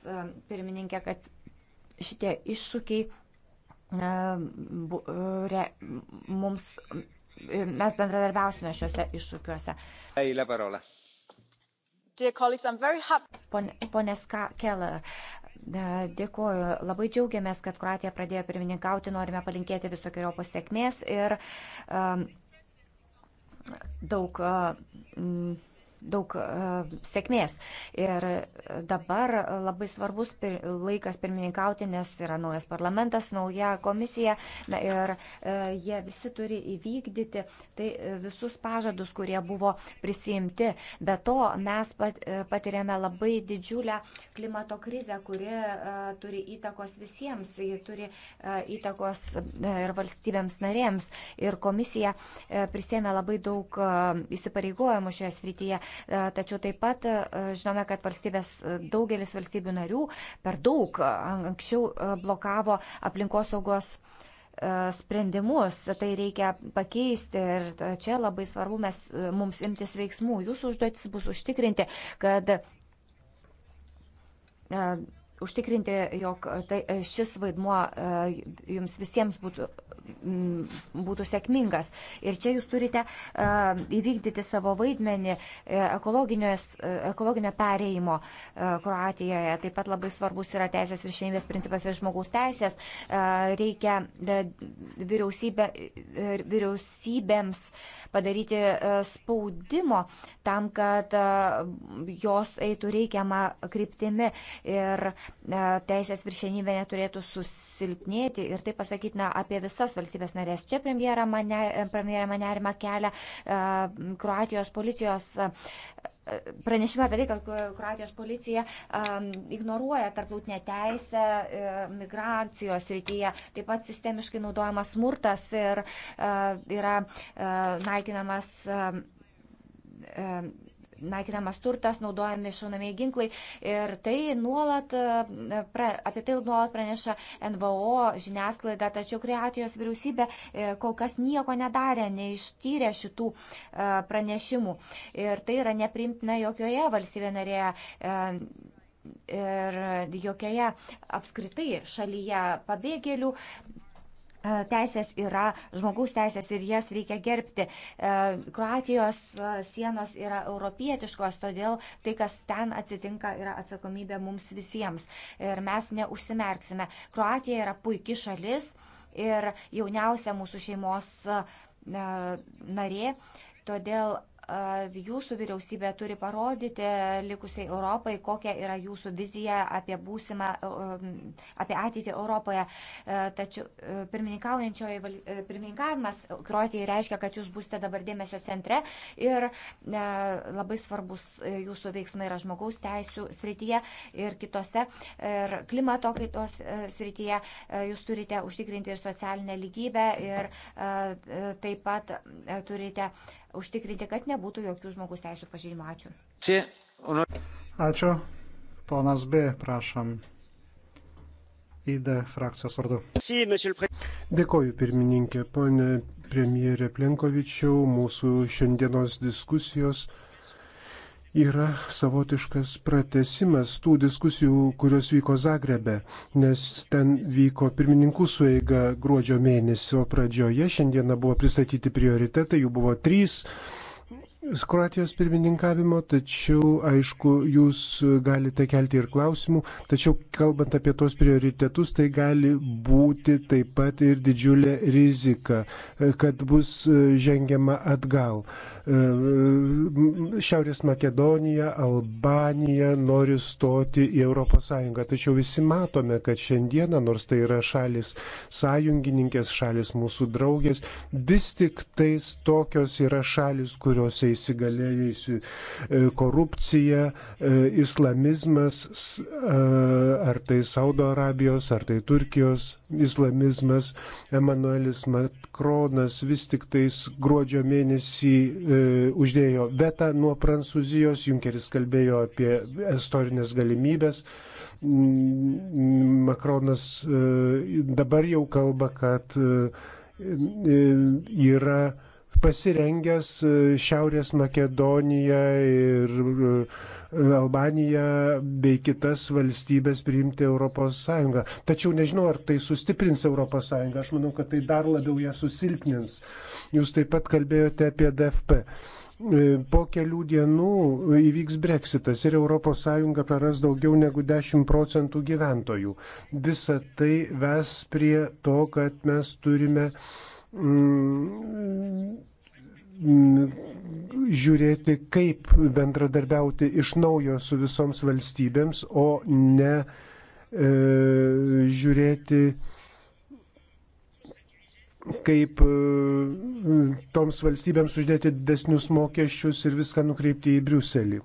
pirmininkė, kad šitie iššūkiai E, e, mums, e, mes bendradarbiausime šiuose iššūkiuose. Pone Keller, Dėkuoju. Labai džiaugiamės, kad Kroatija pradėjo pirmininkauti. Norime palinkėti visokiojo pasiekmės ir um, daug. Um, daug e, sėkmės. Ir dabar labai svarbus laikas pirmininkauti, nes yra naujas parlamentas, nauja komisija na, ir e, jie visi turi įvykdyti tai visus pažadus, kurie buvo prisimti. Be to mes e, patiriame labai didžiulę klimato krizę, kuri turi įtakos visiems, ji turi įtakos ir valstybėms narėms. Ir komisija prisėmė labai daug įsipareigojimų šioje srityje. E, tačiau taip pat e, žinome, kad valstybės, e, daugelis valstybių narių per daug anksčiau blokavo aplinkosaugos sprendimus, tai reikia pakeisti ir čia labai svarbu mes, mums imtis veiksmų. Jūsų užduotis bus užtikrinti, kad užtikrinti, jog tai, šis vaidmuo jums visiems būtų Mm, būtų sėkmingas. Ir čia jūs turite e, įvykdyti savo vaidmenį e, ekologinio e, pereimo Kroatijoje. Taip pat labai svarbus yra teisės viršienybės principas ir žmogaus teisės. Reikia vyriausybė, vyriausybėms padaryti spaudimo tam, kad jos eitų reikiamą kryptimi ir teisės viršienybė neturėtų susilpnėti. Ir tai pasakytina apie visas kitas valstybės narės. Čia premjera mane, premjera mane arima kelia e, Kroatijos policijos e, pranešimą apie tai, kad Kroatijos policija um, ignoruoja tarptautinę teisę e, migracijos rytyje. Taip pat sistemiškai naudojamas smurtas ir e, yra e, naikinamas. E, e, naikinamas turtas, naudojami šaunamieji ginklai. Ir tai nuolat, e, pra, apie tai nuolat praneša NVO žiniasklaida, tačiau Kreatijos vyriausybė e, kol kas nieko nedarė, neištyrė šitų e, pranešimų. Ir tai yra neprimtina jokioje valstybė narėje ir jokioje apskritai šalyje pabėgėlių E, teisės yra žmogaus teisės ir jas reikia gerbti. E, Kroatijos e, sienos yra europietiškos, todėl tai, kas ten atsitinka, yra atsakomybė mums visiems. Ir mes neužsimerksime. Kroatija yra puikia šalis ir jauniausia mūsų šeimos narė. Todėl jūsų vyriausybė turi parodyti likusiai Europai, kokia yra jūsų vizija apie būsimą, e, apie ateitį Europoje. E, tačiau e, pirmininkavimas Kroatijai reiškia, kad jūs būsite dabar dėmesio centre ir labai svarbus jūsų veiksmai yra žmogaus teisų srityje ir kitose. Ir klimato kaitos srityje jūs turite užtikrinti ir socialinę lygybę ir taip pat turite užtikrinti, kad ne nebūtų jokių žmogus teisų pažeidimų. Ačiū. Ačiū. Ponas B, prašom. ID frakcijos vardu. Dėkoju, pirmininkė, ponė premjerė Plenkovičiau. Mūsų šiandienos diskusijos yra savotiškas pratesimas tų diskusijų, kurios vyko Zagrebe, nes ten vyko pirmininkų sueiga gruodžio mėnesio pradžioje. Šiandieną buvo pristatyti prioritetai, jų buvo trys. Kroatijos pirmininkavimo, tačiau, aišku, jūs galite kelti ir klausimų, tačiau kalbant apie tos prioritetus, tai gali būti taip pat ir didžiulė rizika, kad bus e, žengiama atgal. Uh, E, Šiaurės Makedonija, Albanija nori stoti į ES. Tačiau visi matome, kad šiandieną, nors tai yra šalis sąjungininkės, šalis mūsų draugės, vis tik tais tokios yra šalis, kuriuose įsigalėjusi e, korupcija, e, islamizmas, ar tai Saudo Arabijos, ar tai Turkijos islamizmas. Emanuelis Makronas vis tik tais gruodžio mėnesį e, uždėjo vetą nuo Prancūzijos, Junkeris kalbėjo apie istorinės galimybės. Mm, Makronas e, dabar jau kalba, kad e, e yra pasirengęs e, Šiaurės Makedoniją ir e, Albaniją bei kitas valstybės priimti ES. Tačiau nežinau, ar tai sustiprins ES. Aš manau, kad tai dar labiau ją susilpnins. Jūs taip pat kalbėjote apie DFP. E, po kelių dienų įvyks breksitas ir ES praras daugiau negu 10 procentų gyventojų. Visa tai ves prie to, kad mes turime mm, Mm, žiūrėti, kaip bendradarbiauti iš naujo su visoms valstybėms, o ne e, žiūrėti, kaip e, toms valstybėms uždėti didesnius mokesčius ir viską nukreipti į Briuselį.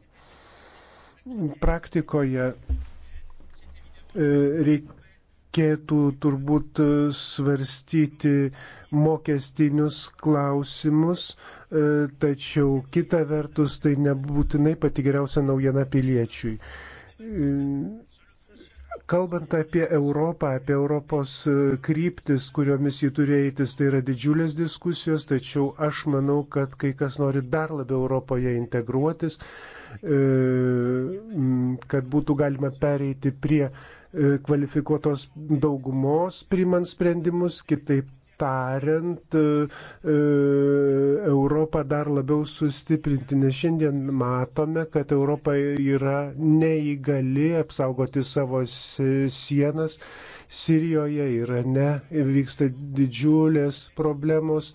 Praktikoje e, reikia reikėtų turbūt e, svarstyti mokestinius klausimus, e, tačiau kita vertus tai nebūtinai pati geriausia naujiena piliečiui. E, kalbant apie Europą, apie Europos kryptis, kuriomis jį turi eitis, tai yra didžiulės diskusijos, tačiau aš manau, kad kai kas nori dar labiau Europoje integruotis, kad būtų galima pereiti prie E, kvalifikuotos daugumos primant sprendimus, kitaip tariant, e, e, Europą dar labiau sustiprinti, nes šiandien matome, kad Europa yra neįgali apsaugoti savo sienas. Sirijoje yra ne, vyksta didžiulės problemos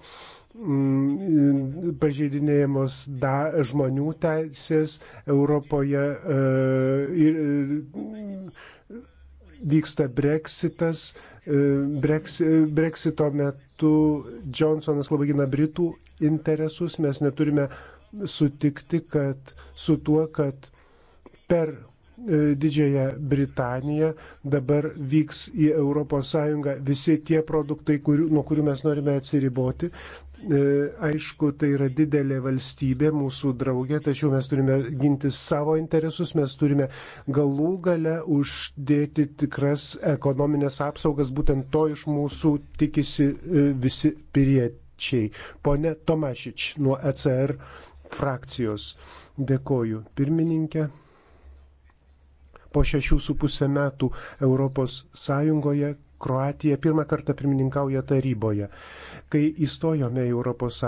mm, pažeidinėjamos da, žmonių teisės Europoje e, ir e, vyksta breksitas. E, Breksito e, metu Johnsonas labai gina Britų interesus. Mes neturime sutikti kad, su tuo, kad per e, Didžiąją Britaniją dabar vyks į ES visi tie produktai, kurių, nuo kurių mes norime atsiriboti. E, aišku, tai yra didelė valstybė, mūsų draugė, tačiau mes turime ginti savo interesus, mes turime galų gale uždėti tikras ekonominės apsaugas, būtent to iš mūsų tikisi e, visi piriečiai. Pone Tomašič nuo ECR frakcijos. Dėkoju pirmininkė. Po šešių su pusę metų Europos Sąjungoje Kroatija pirmą kartą pirmininkauja taryboje. Kai įstojome į ES,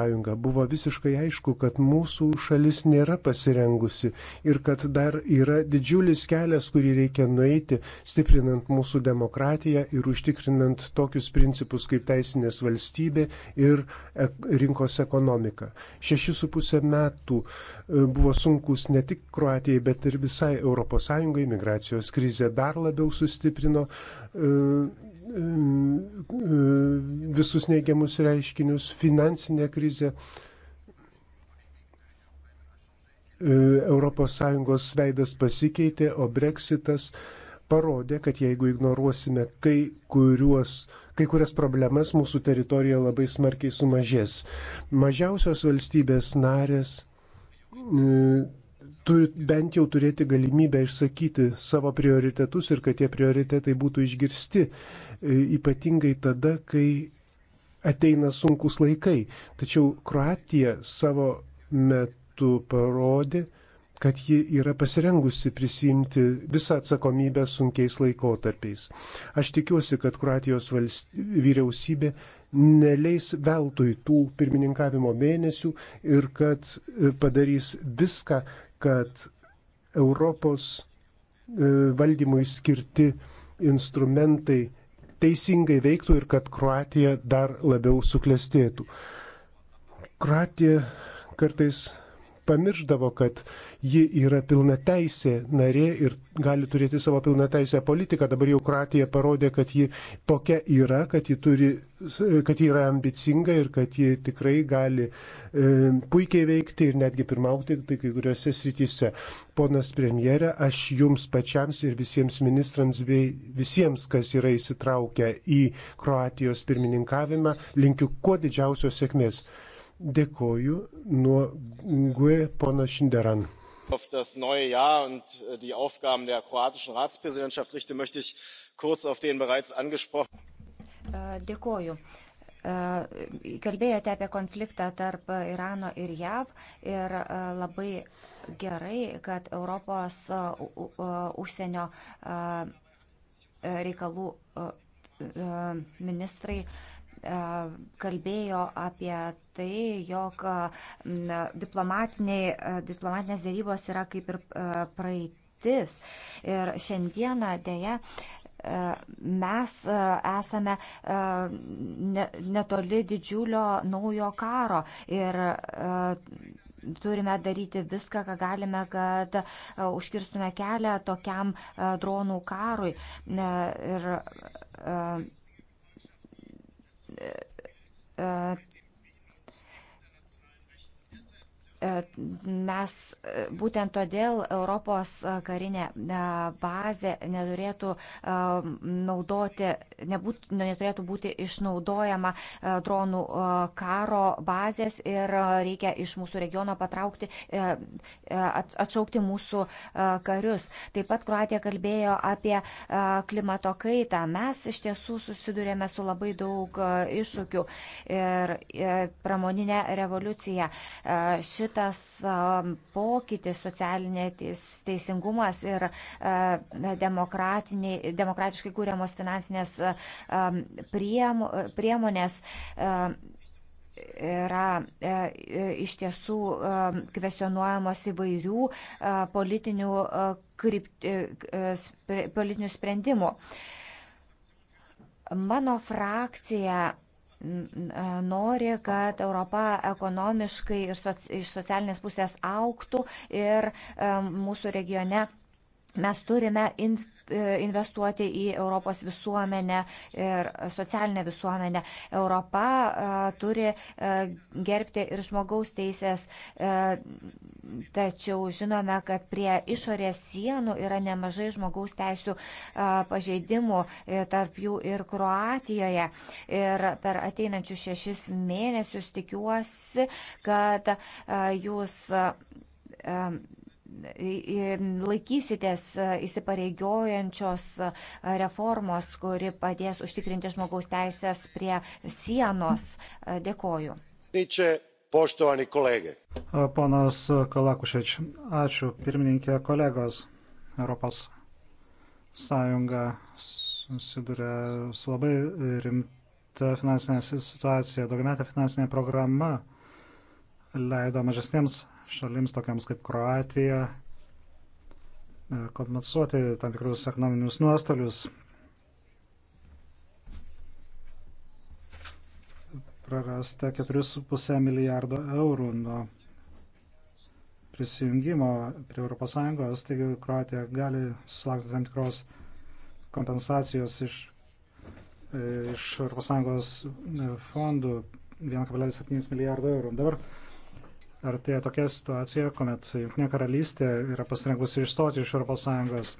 buvo visiškai aišku, kad mūsų šalis nėra pasirengusi ir kad dar yra didžiulis kelias, kurį reikia nueiti, stiprinant mūsų demokratiją ir užtikrinant tokius principus kaip teisinės valstybė ir e, rinkos ekonomika. Šeši su pusė metų buvo sunkus ne tik Kroatijai, bet ir visai ES. Migracijos krizė dar labiau sustiprino e, e, e, visus neigiamus reiškinius, finansinė krizė. ES veidas pasikeitė, o breksitas parodė, kad jeigu ignoruosime kai, kuriuos, kai kurias problemas, mūsų teritorija labai smarkiai sumažės. Mažiausios valstybės narės E, turi bent jau turėti galimybę išsakyti savo prioritetus ir kad tie prioritetai būtų išgirsti, e, ypatingai tada, kai ateina sunkus laikai. Tačiau Kroatija savo metu parodė, kad ji yra pasirengusi prisimti visą atsakomybę sunkiais laikotarpiais. Aš tikiuosi, kad Kroatijos vyriausybė neleis veltui tų pirmininkavimo mėnesių ir kad e, padarys viską, kad Europos e, valdymui skirti instrumentai teisingai veiktų ir kad Kroatija dar labiau suklestėtų. Kroatija kartais pamiršdavo, kad ji yra pilna teisė narė ir gali turėti savo pilna teisę politiką. Dabar jau Kroatija parodė, kad ji tokia yra, kad ji, turi, kad ji yra ambicinga ir kad ji tikrai gali e, puikiai veikti ir netgi pirmauti tai kai kuriuose srityse. Ponas premjerė, aš jums pačiams ir visiems ministrams bei visiems, kas yra įsitraukę į Kroatijos pirmininkavimą, linkiu kuo didžiausios sėkmės. Dėkoju nuo Gue pona Šinderan. Auf das neue Jahr und äh, die Aufgaben der kroatischen Ratspräsidentschaft richte, möchte ich kurz auf den bereits angesprochenen. Äh, dėkoju äh, kalbėjote apie konfliktą tarp Irano ir JAV ir labai gerai, kad Europos užsienio reikalų ministrai E, kalbėjo apie tai, jog e, diplomatinės dėrybos yra kaip ir e, praeitis. Ir šiandieną dėja mes esame netoli didžiulio naujo karo ir turime daryti viską, ką galime, kad užkirstume kelią tokiam dronų karui. Ir Mes būtent todėl Europos karinė bazė neturėtų naudoti nebūt, neturėtų būti išnaudojama e, dronų e, karo bazės ir e, reikia iš mūsų regiono patraukti, atšaukti mūsų karius. Taip pat Kroatija kalbėjo apie klimato kaitą. Mes iš tiesų susidurėme su labai daug iššūkių ir pramoninė revoliucija. Šitas pokytis socialinė teisingumas ir demokratiškai kūriamos finansinės Um, priemonės um, yra e, e, iš tiesų um, kvesionuojamos įvairių e, politinių, krypt, politinių sprendimų. Mano frakcija nori, kad Europa ekonomiškai ir soci, iš socialinės pusės auktų ir mūsų regione mes turime E, investuoti į Europos visuomenę ir socialinę visuomenę. Europa e, turi e, gerbti ir žmogaus teisės, tačiau žinome, kad prie išorės sienų yra nemažai žmogaus teisų pažeidimų, tarp jų ir Kroatijoje. Ir per ateinančius šešis mėnesius tikiuosi, kad jūs laikysitės e, įsipareigojančios e, reformos, kuri padės užtikrinti žmogaus teisės prie sienos. E, dėkoju. Poštovani kolegė. Ponas Kalakušeč, ačiū pirmininkė kolegos. Europos Sąjunga susiduria su labai rimta finansinė situacija. Daugiametė finansinė programa leido mažesniems šalims tokiams kaip Kroatija e, kompensuoti tam tikrus ekonominius nuostolius. Prarasta 4,5 milijardo eurų nuo prisijungimo prie ES, taigi Kroatija gali susilaukti tam tikros kompensacijos iš, e, iš ES e, fondų 1,7 milijardo eurų. Dabar Ar tai tokia situacija, kuomet Junktinė karalystė yra pasirengusi išstoti iš ES?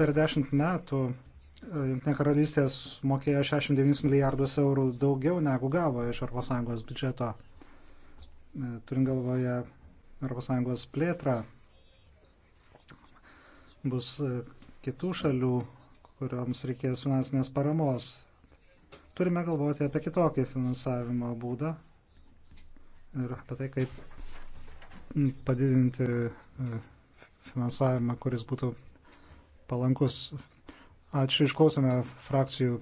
Per dešimt metų e, Junktinė karalystė mokėjo 69 milijardus eurų daugiau negu gavo iš ES biudžeto. E, turint galvoje ES plėtrą, bus e, kitų šalių, kurioms reikės finansinės paramos. Turime galvoti apie kitokį finansavimo būdą, ir apie tai, kaip padidinti e, finansavimą, kuris būtų palankus. Ačiū, išklausėme frakcijų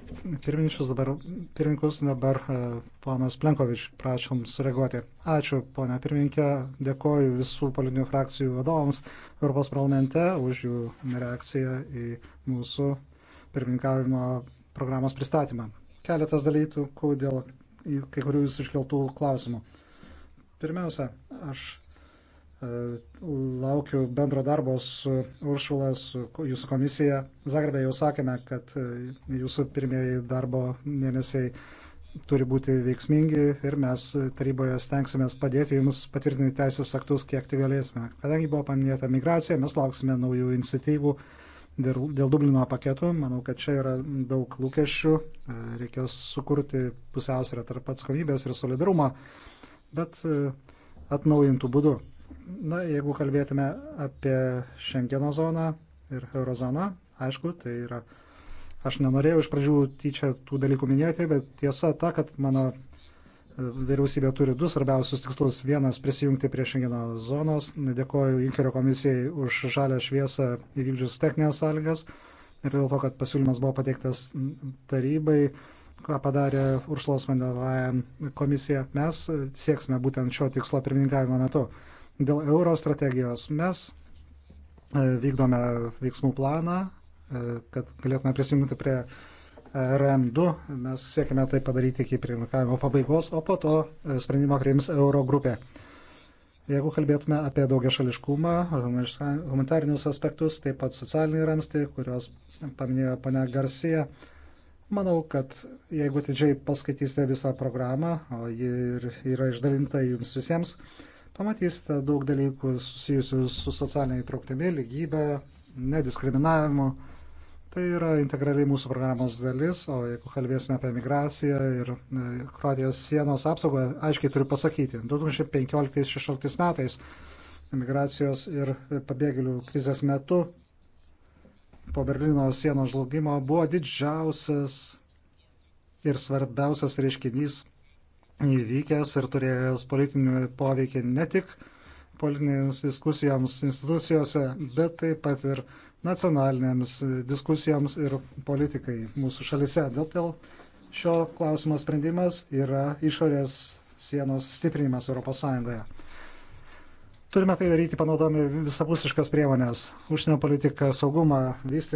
pirmininkus, dabar, pirmininkus, dabar e, ponas Plenkovič, prašom sureaguoti. Ačiū, ponia pirmininkė, dėkoju visų politinių frakcijų vadovams Europos parlamente už jų reakciją į mūsų pirmininkavimo programos pristatymą. Keletas dalykų dėl kai kurių jūsų iškeltų klausimų. Pirmiausia, aš e, laukiu bendro darbo su Uršula, su jūsų komisija. Zagrebė jau sakėme, kad e, jūsų pirmieji darbo mėnesiai turi būti veiksmingi ir mes taryboje stengsimės padėti jums patvirtinti teisės aktus, kiek tik galėsime. Kadangi buvo paminėta migracija, mes lauksime naujų iniciatyvų dėl, dėl Dublino paketų. Manau, kad čia yra daug lūkesčių. E, reikės sukurti pusiausvyrą tarp atskovybės ir solidarumo bet e, atnaujintų būdų. Na, jeigu kalbėtume apie Schengeno zoną ir Eurozoną, aišku, tai yra, aš nenorėjau iš pradžių tyčia tų dalykų minėti, bet tiesa ta, kad mano e, vyriausybė turi du svarbiausius tikslus. Vienas - prisijungti prie Schengeno zonos. Dėkoju Junkerio komisijai už žalę šviesą įvykdžius techninės sąlygas ir dėl to, kad pasiūlymas buvo pateiktas tarybai ką padarė Uršlos Vandelajan komisija. Mes sieksime būtent šio tikslo pirmininkavimo metu. Dėl euro strategijos mes e, vykdome veiksmų planą, e, kad galėtume prisijungti prie e, RM2. Mes siekime tai padaryti iki pirmininkavimo pabaigos, o po to sprendimą priims euro grupė. Jeigu kalbėtume apie daugia šališkumą, humanitarinius aspektus, taip pat socialinį ramstį, kurios paminėjo pane Garcija, Manau, kad jeigu atidžiai paskaitysite visą programą, o ji ir yra išdalinta jums visiems, pamatysite daug dalykų susijusių su socialinė įtrauktimi, lygybė, nediskriminavimu. Tai yra integraliai mūsų programos dalis, o jeigu kalbėsime apie migraciją ir e, Kroatijos sienos apsaugą, aiškiai turiu pasakyti, 2015-2016 metais migracijos ir pabėgėlių krizės metu po Berlyno sienos žlugimo buvo didžiausias ir svarbiausias reiškinys įvykęs ir turėjęs politinį poveikį ne tik politinėms diskusijoms institucijose, bet taip pat ir nacionalinėms diskusijoms ir politikai mūsų šalise. Dėl to šio klausimo sprendimas yra išorės sienos stiprinimas ES. Turime tai daryti panaudodami visapusiškas priemonės - užsienio politiką, saugumą, vystymą.